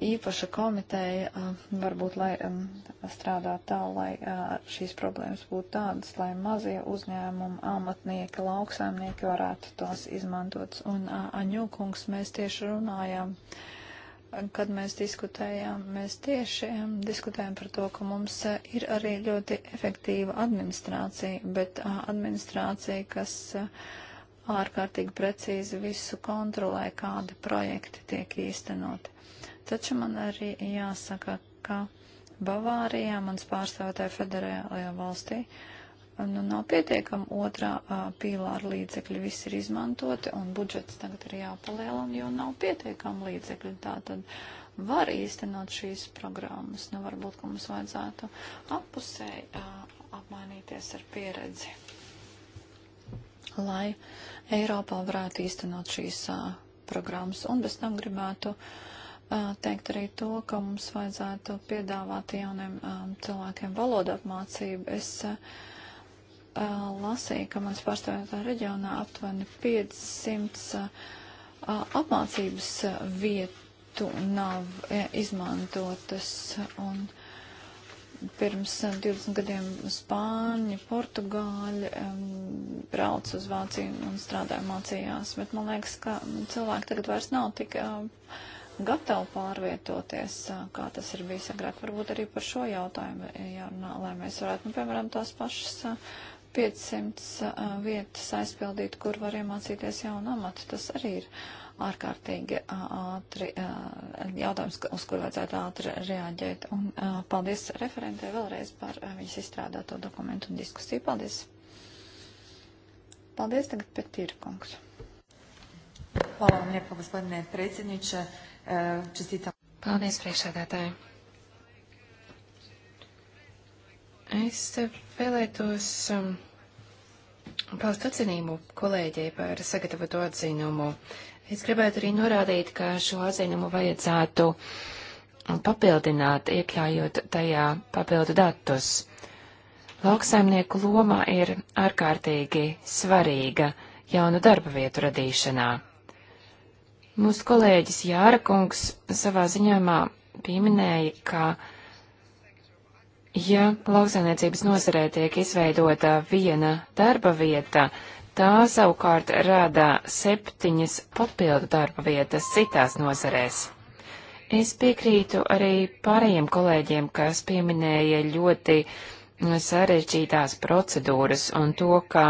īpaša komiteja, varbūt, lai strādā tā, lai šīs problēmas būtu tādas, lai mazie uzņēmumi, amatnieki, lauksaimnieki varētu tās izmantot. Un Aņūkungs mēs tieši runājām kad mēs diskutējām, mēs tieši diskutējām par to, ka mums ir arī ļoti efektīva administrācija, bet administrācija, kas uh, ārkārtīgi precīzi visu kontrolē, kādi projekti tiek īstenoti. Taču man arī jāsaka, ka Bavārijā, mans pārstāvētāja federālajā valstī, nu, nav pietiekama otrā pīlāra līdzekļi, viss ir izmantoti un budžets tagad ir jāpalielina, jo nav pietiekama līdzekļi. Tātad var īstenot šīs programmas. Nu, varbūt, ka mums vajadzētu apusēji apmainīties ar pieredzi, lai Eiropā varētu īstenot šīs uh, programmas. Un bez tam gribētu uh, teikt arī to, ka mums vajadzētu piedāvāt jauniem um, cilvēkiem valodu apmācību. Es uh, lasīju, ka mans pārstāvētā reģionā aptuveni 500 apmācības vietu nav izmantotas. Un, uh, pirms 20 eh, gadiem spāņi, portugāļi um, brauc uz Vāciju un strādāja mācījās, bet man liekas, ka cilvēki tagad vairs nav tik um, gatavi pārvietoties, uh, kā tas ir bijis agrāk. Varbūt arī par šo jautājumu jārunā, lai mēs varētu, nu, piemēram, tās pašas uh, 500 uh, vietas aizpildīt, kur var iemācīties jaunu amatu. Tas arī ir. Uh, ārkārtīgi ātri jautājums, uz kur vajadzētu ātri reaģēt. Un paldies referentē vēlreiz par viņas izstrādāto dokumentu un diskusiju. Paldies! Paldies tagad pēc tīrkungs. Hvala vam lijepo, gospodine predsjedniče. Čestitam. Paldies, priekšādātāji. Es vēlētos um, paust atzinību kolēģei par sagatavotu atzinumu. Uh, Es gribētu arī norādīt, ka šo atzinumu vajadzētu papildināt, iekļājot tajā papildu datus. Lauksaimnieku loma ir ārkārtīgi svarīga jaunu darba vietu radīšanā. Mūsu kolēģis Jāra kungs savā ziņojumā pieminēja, ka, ja lauksaimniecības nozarē tiek izveidota viena darba vieta, Tā savukārt rada septiņas papildu darba vietas citās nozarēs. Es piekrītu arī pārējiem kolēģiem, kas pieminēja ļoti sarežģītās procedūras un to, ka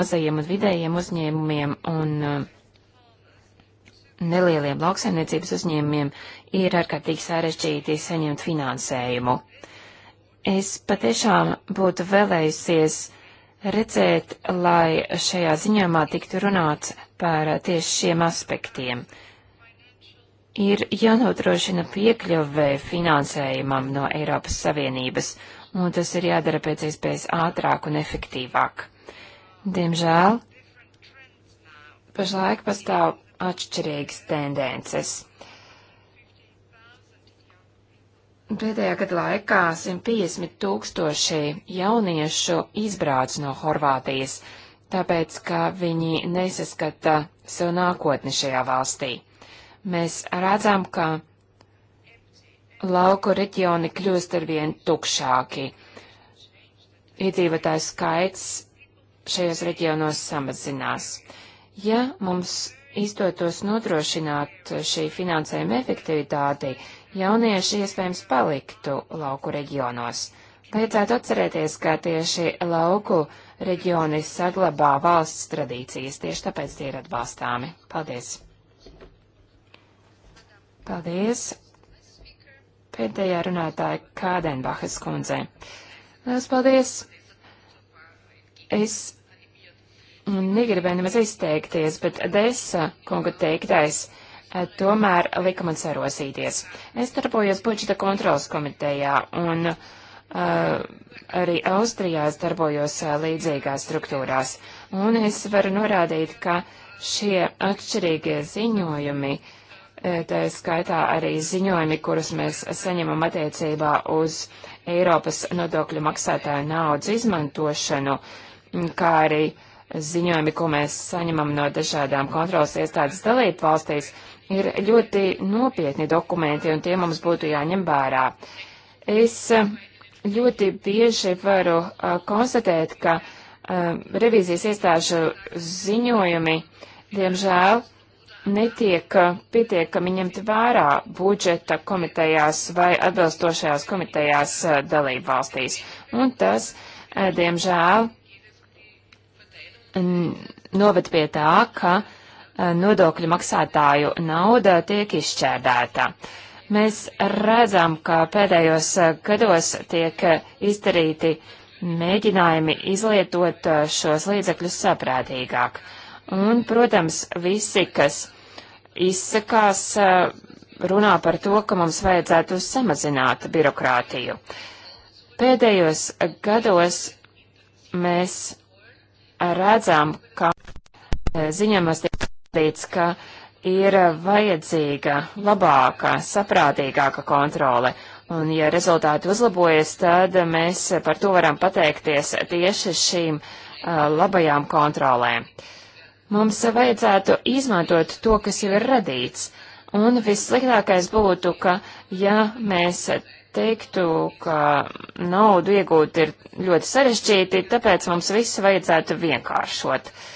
mazajiem un vidējiem uzņēmumiem un uh, nelieliem lauksaimniecības uzņēmumiem ir ārkārtīgi sarežģīti saņemt finansējumu. Es patiešām būtu vēlējusies redzēt, lai šajā ziņāmā tiktu runāts par tieši šiem aspektiem. Ir jānodrošina piekļuvē finansējumam no Eiropas Savienības, un tas ir jādara pēc iespējas ātrāk un efektīvāk. Diemžēl pašlaik pastāv atšķirīgas tendences. Pēdējā gada laikā 150 tūkstoši jauniešu izbrauc no Horvātijas, tāpēc, ka viņi nesaskata savu nākotni šajā valstī. Mēs redzam, ka lauku reģioni kļūst arvien tukšāki. Iedzīvotāju skaits šajos reģionos samazinās. Ja mums izdotos nodrošināt šī finansējuma efektivitāti, jaunieši iespējams paliktu lauku reģionos. Vajadzētu atcerēties, ka tieši lauku reģioni saglabā valsts tradīcijas, tieši tāpēc tie ir atbalstāmi. Paldies! Paldies! Pēdējā runātāja Kādenbahas kundze. Lielas paldies! Es negribēju nemaz izteikties, bet Desa kunga teiktais tomēr lika man sarosīties. Es darbojos budžeta kontrolas komitejā un uh, arī Austrijā es darbojos uh, līdzīgās struktūrās. Un es varu norādīt, ka šie atšķirīgie ziņojumi, uh, tā skaitā arī ziņojumi, kurus mēs saņemam attiecībā uz Eiropas nodokļu maksātāju naudas izmantošanu, kā arī ziņojumi, ko mēs saņemam no dažādām kontrolas iestādes dalību valstīs, uh, ir ļoti nopietni dokumenti, un tie mums būtu jāņem vērā. Es eh, ļoti bieži varu uh, konstatēt, ka uh, revīzijas iestāžu ziņojumi, diemžēl, netiek pietiekami ņemt vērā budžeta komitejās vai atbilstošajās komitejās uh, dalību valstīs. Un tas, diemžēl, noved pie tā, ka uh, Eh, nodokļu maksātāju nauda tiek izšķērdēta. Mēs redzam, ka pēdējos eh, gados tiek eh, izdarīti mēģinājumi izlietot šos līdzekļus saprātīgāk. Un, protams, visi, kas izsakās, runā par to, ka mums vajadzētu samazināt birokrātiju. Pēdējos gados mēs redzam, ka ziņojumos tiek Tāpēc, ka ir vajadzīga labāka, saprātīgāka kontrole. Un, ja rezultāti uzlabojas, tad mēs par to varam pateikties tieši šīm uh, labajām kontrolēm. Mums vajadzētu izmantot to, kas jau ir radīts. Un vissliktākais būtu, ka, ja mēs teiktu, ka naudu iegūt ir ļoti sarežģīti, tāpēc mums visu vajadzētu vienkāršot. Uh,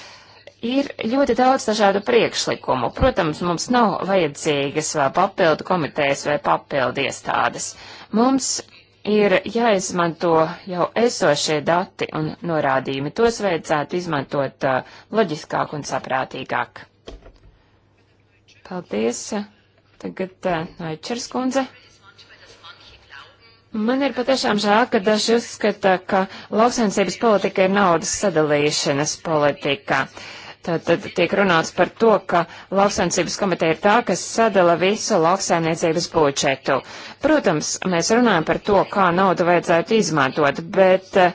Ir ļoti daudz dažādu priekšlikumu. Protams, mums nav vajadzīgas vēl papildu komitejas vai papildu iestādes. Mums ir jāizmanto jau esošie dati un norādījumi. Tos vajadzētu izmantot uh, loģiskāk un saprātīgāk. Paldies. Tagad uh, Noičers kundze. Man ir patiešām žēl, ka daži uzskata, ka lauksaimniecības politika ir naudas sadalīšanas politika. Uh, Tātad tiek runāts par to, ka lauksaimniecības komiteja ir tā, kas sadala visu lauksaimniecības budžetu. Protams, mēs runājam par to, kā naudu vajadzētu izmantot, bet eh,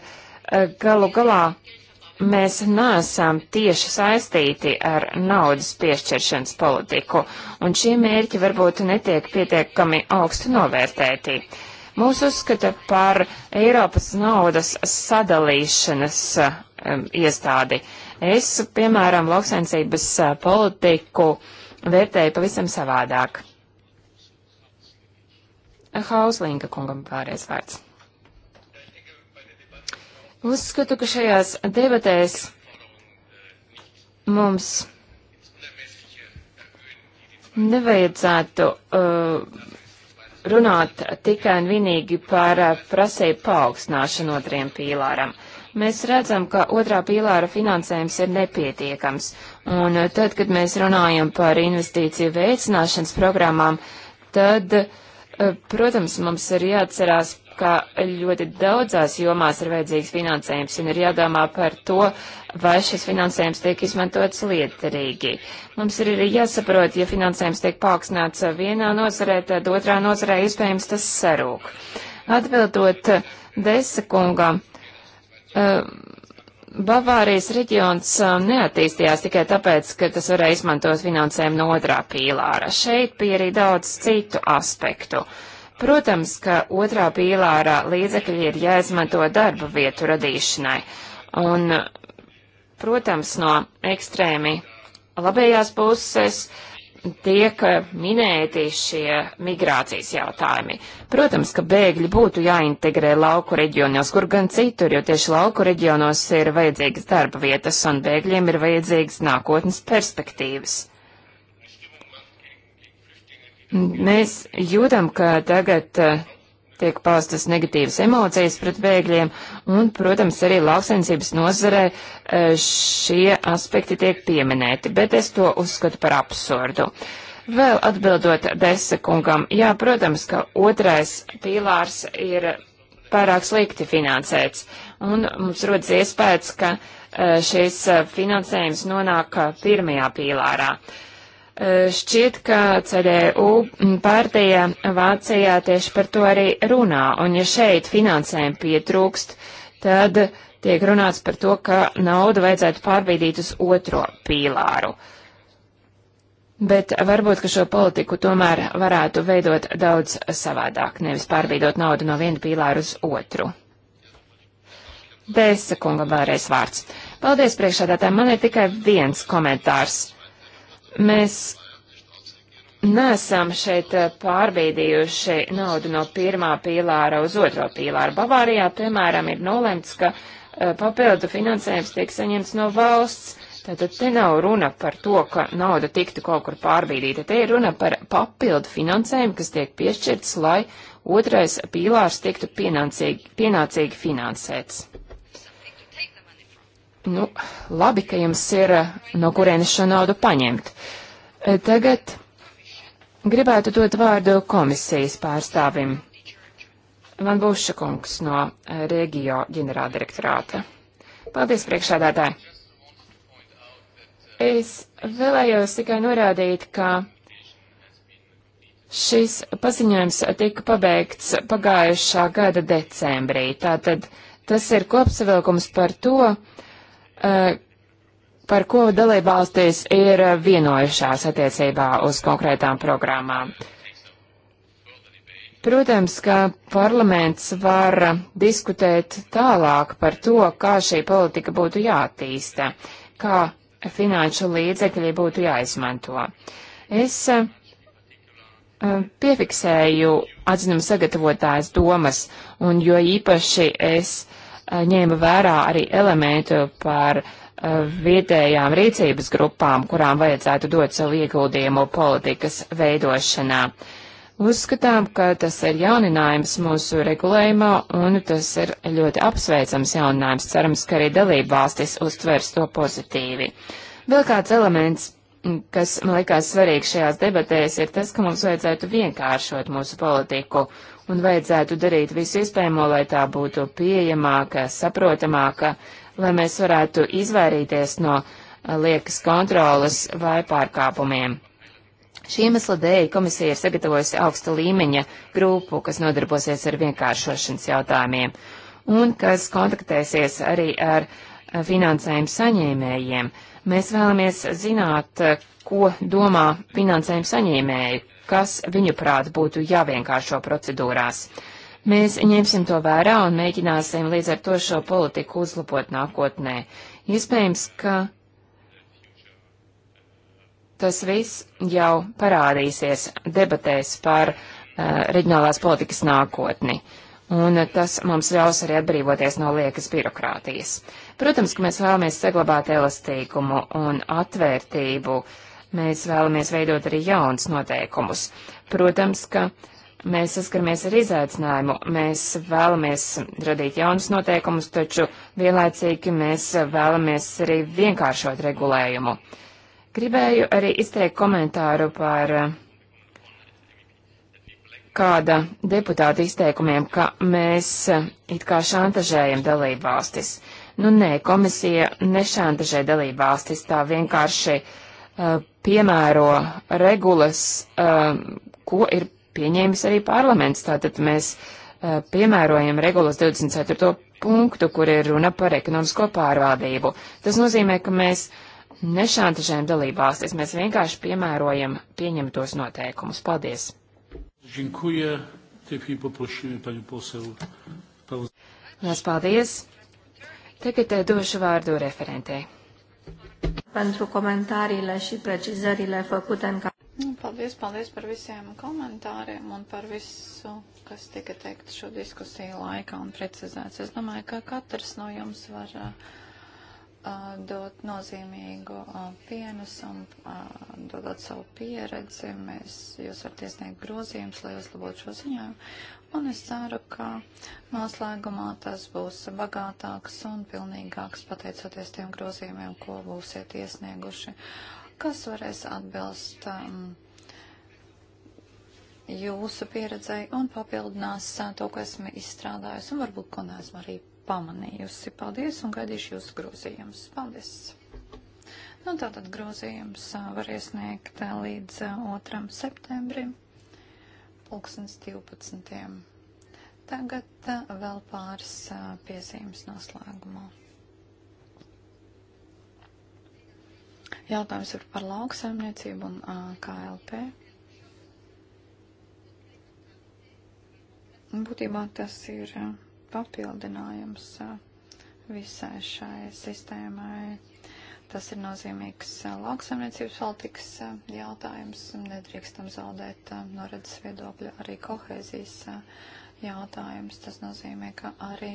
galu galā mēs neesam tieši saistīti ar naudas piešķiršanas politiku, un šie mērķi varbūt netiek pietiekami augstu novērtēti. Mūsu uzskata par Eiropas naudas sadalīšanas um, iestādi. Uh, Es, piemēram, lauksaimniecības politiku vērtēju pavisam savādāk. Hauslinga kungam pārējais vārds. Uzskatu, ka šajās debatēs mums nevajadzētu uh, runāt tikai un vienīgi par uh, prasību paaugstināšanu otriem pīlāram. Uh, mēs redzam, ka otrā pīlāra finansējums ir nepietiekams. Un eh, tad, kad mēs runājam par investīciju veicināšanas programmām, tad, eh, protams, mums ir jāatcerās, ka ļoti daudzās jomās ir vajadzīgs finansējums un ir jādomā par to, vai šis finansējums tiek izmantots lietarīgi. Mums ir arī jāsaprot, ja finansējums tiek paaugstināts vienā nozarē, tad otrā nozarē iespējams tas sarūk. Atbildot eh, desekungam, Eh, Bavārijas reģions eh, neattīstījās tikai tāpēc, ka tas varēja izmantot finansējumu no otrā pīlāra. Šeit bija arī daudz citu aspektu. Protams, ka otrā pīlārā līdzekļi ir jāizmanto darba vietu radīšanai. Un, protams, no ekstrēmi labējās puses uh, tiek minēti šie migrācijas jautājumi. Protams, ka bēgļi būtu jāintegrē lauku reģionos, kur gan citur, jo tieši lauku reģionos ir vajadzīgas darba vietas un bēgļiem ir vajadzīgas nākotnes perspektīvas. Mēs jūtam, ka tagad tiek paustas negatīvas emocijas pret bēgļiem, un, protams, arī lauksainicības nozarē e, šie aspekti tiek pieminēti, bet es to uzskatu par absurdu. Vēl atbildot desekungam, jā, protams, ka otrais pīlārs ir pārāk slikti finansēts, un mums rodas iespējas, ka e, šis e, finansējums nonāk pirmajā pīlārā. Uh, Šķiet, ka CDU partija Vācijā tieši par to arī runā, un ja šeit finansējumu pietrūkst, tad tiek runāts par to, ka naudu vajadzētu pārbīdīt uz otro pīlāru. Bet varbūt, ka šo politiku tomēr varētu veidot daudz savādāk, nevis pārbīdot naudu no viena pīlāra uz otru. Dēsa kunga vēlreiz vārds. Paldies priekšādātājiem, man ir tikai viens komentārs. Mēs nesam šeit eh, pārbīdījuši naudu no pirmā pīlāra uz otro pīlāru. Bavārijā, piemēram, ir nolemts, ka uh, papildu finansējums tiek saņemts no valsts. Tātad te nav runa par to, ka nauda tiktu kaut kur pārbīdīta. Te ir runa par papildu finansējumu, kas tiek piešķirts, lai otrais pīlārs tiktu pienācīgi, pienācīgi finansēts. Nu, labi, ka jums ir eh, no kurienes šo naudu paņemt. Eh, tagad gribētu dot vārdu komisijas pārstāvim. Man būs šakungs no eh, Regio ģenerāldirektorāta. Paldies, priekšādātāji! Es vēlējos tikai norādīt, ka šis paziņojums tika pabeigts pagājušā gada decembrī. Tātad tas ir kopsavilkums par to, uh, Eh, par ko dalībvalstīs ir eh, vienojušās attiecībā uz konkrētām programmām. Protams, ka parlaments var diskutēt tālāk par to, kā šī politika būtu jātīsta, kā finanšu līdzekļi būtu jāizmanto. Es eh, piefiksēju atzinumu sagatavotājas domas, un jo īpaši es Eh, ņēma vērā arī elementu par eh, vietējām rīcības grupām, kurām vajadzētu dot savu ieguldījumu politikas veidošanā. Uzskatām, ka tas ir jauninājums mūsu regulējumā, un tas ir ļoti apsveicams jauninājums. Cerams, ka arī dalība valstis uztvers to pozitīvi. Vēl kāds elements, kas man likās svarīgs šajās debatēs, ir tas, ka mums vajadzētu vienkāršot mūsu politiku un vajadzētu darīt visu iespējamo, lai tā būtu pieejamāka, saprotamāka, lai mēs varētu izvairīties no eh, liekas kontrolas vai pārkāpumiem. Šī iemesla dēļ komisija ir sagatavojusi augsta līmeņa grupu, kas nodarbosies ar vienkāršošanas jautājumiem un kas kontaktēsies arī ar eh, finansējumu saņēmējiem. Mēs vēlamies zināt, eh, ko domā finansējumu saņēmēji kas viņuprāt būtu jāvienkāršo procedūrās. Mēs ņemsim to vērā un mēģināsim līdz ar to šo politiku uzlabot nākotnē. Iespējams, ka tas viss jau parādīsies debatēs par uh, reģionālās politikas nākotni. Un tas mums ļaus arī atbrīvoties no liekas birokrātijas. Protams, ka mēs vēlamies saglabāt elastīgumu un atvērtību uh, Mēs vēlamies veidot arī jaunus noteikumus. Protams, ka mēs saskaramies ar izaicinājumu. Mēs vēlamies radīt jaunus noteikumus, taču vienlaicīgi mēs vēlamies arī vienkāršot regulējumu. Gribēju arī izteikt komentāru par eh, kāda deputāta izteikumiem, ka mēs eh, it kā šantažējam dalību valstis. Nu nē, komisija nešantažē dalību valstis, tā vienkārši uh, piemēro regulas, um, ko ir pieņēmis arī parlaments. Tātad mēs uh, piemērojam regulas 24. punktu, kur ir runa par ekonomisko pārvaldību. Tas nozīmē, ka mēs nešantažējam dalībvalstis, mēs vienkārši piemērojam pieņemtos noteikumus. Paldies! Dziękuję. Lepiej poprosimy panią poseł. Lielas paldies! Tagad eh, došu vārdu referentei pentru comentariile și precizările făcute în nu, Paldies, paldies par visiem komentāriem un par visu, kas tika teikt šo diskusiju laikā un precizēts. Es domāju, ka katrs no jums var uh, dot nozīmīgu pienesumu, dodot savu pieredzi. Mēs jūs varat iesniegt grozījumus, lai uzlabotu šo ziņojumu. Un es ceru, ka noslēgumā tas būs bagātāks un pilnīgāks pateicoties tiem grozījumiem, ko būsiet iesnieguši, kas varēs atbilst um, jūsu pieredzei un papildinās to, ko esmu izstrādājusi un varbūt, ko neesmu arī pamanījusi. Paldies un gaidīšu jūsu grozījumus. Paldies! Nu, tātad grozījums var iesniegt līdz 2. septembrim, pulkstens 12. Tagad vēl pāris piezīmes noslēgumā. Jautājums ir par lauksaimniecību un KLP. Būtībā tas ir papildinājums uh, visai šai sistēmai. Tas ir nozīmīgs uh, lauksaimniecības politikas uh, jautājums. Nedrīkstam zaudēt no redzes viedokļa arī kohēzijas jautājums. Tas nozīmē, ka arī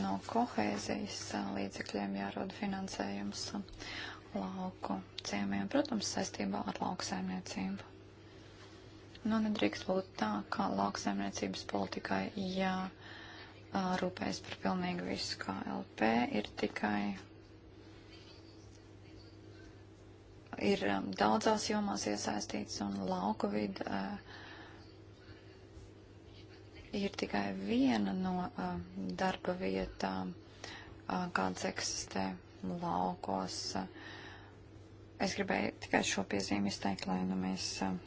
no kohēzijas līdzekļiem jārod finansējums lauku ciemiem, protams, saistībā ar lauksaimniecību. Nu, nedrīkst būt tā, ka lauksaimniecības politikai jārūpējas par pilnīgi visu, kā LP ir tikai ir um, daudzās jomās iesaistīts un lauku vidi uh, ir tikai viena no uh, darba vietām, uh, kādas eksistē laukos. Uh, Es gribēju tikai šo piezīmi izteikt, lai nu mēs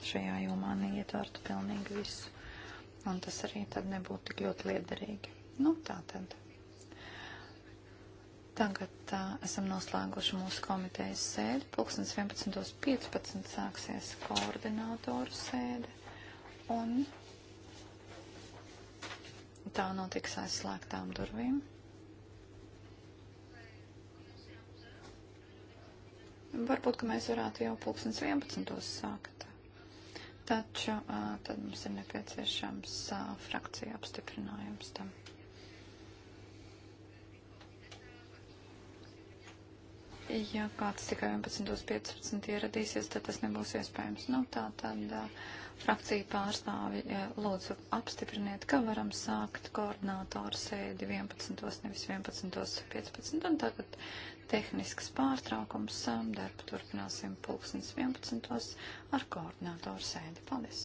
šajā jomā neietvertu pilnīgi visu. Un tas arī tad nebūtu tik ļoti liederīgi. Nu, tā tad. Tagad uh, esam noslēguši mūsu komitejas sēdi. Pulkstens 11.15 sāksies koordinātoru sēde. Un tā notiks aizslēgtām durvīm. Varbūt, ka mēs varētu jau pulkstens 11. sākt. Taču tad mums ir nepieciešams frakcija apstiprinājums tam. Ja kāds tikai 11.15 ieradīsies, tad tas nebūs iespējams. Nu, tā tad frakcija pārstāvi lūdzu apstipriniet, ka varam sākt koordinātoru sēdi 11. nevis 11.15. Un tātad tehnisks pārtraukums. Darbu turpināsim pulksnes 11. ar koordinātoru sēdi. Paldies!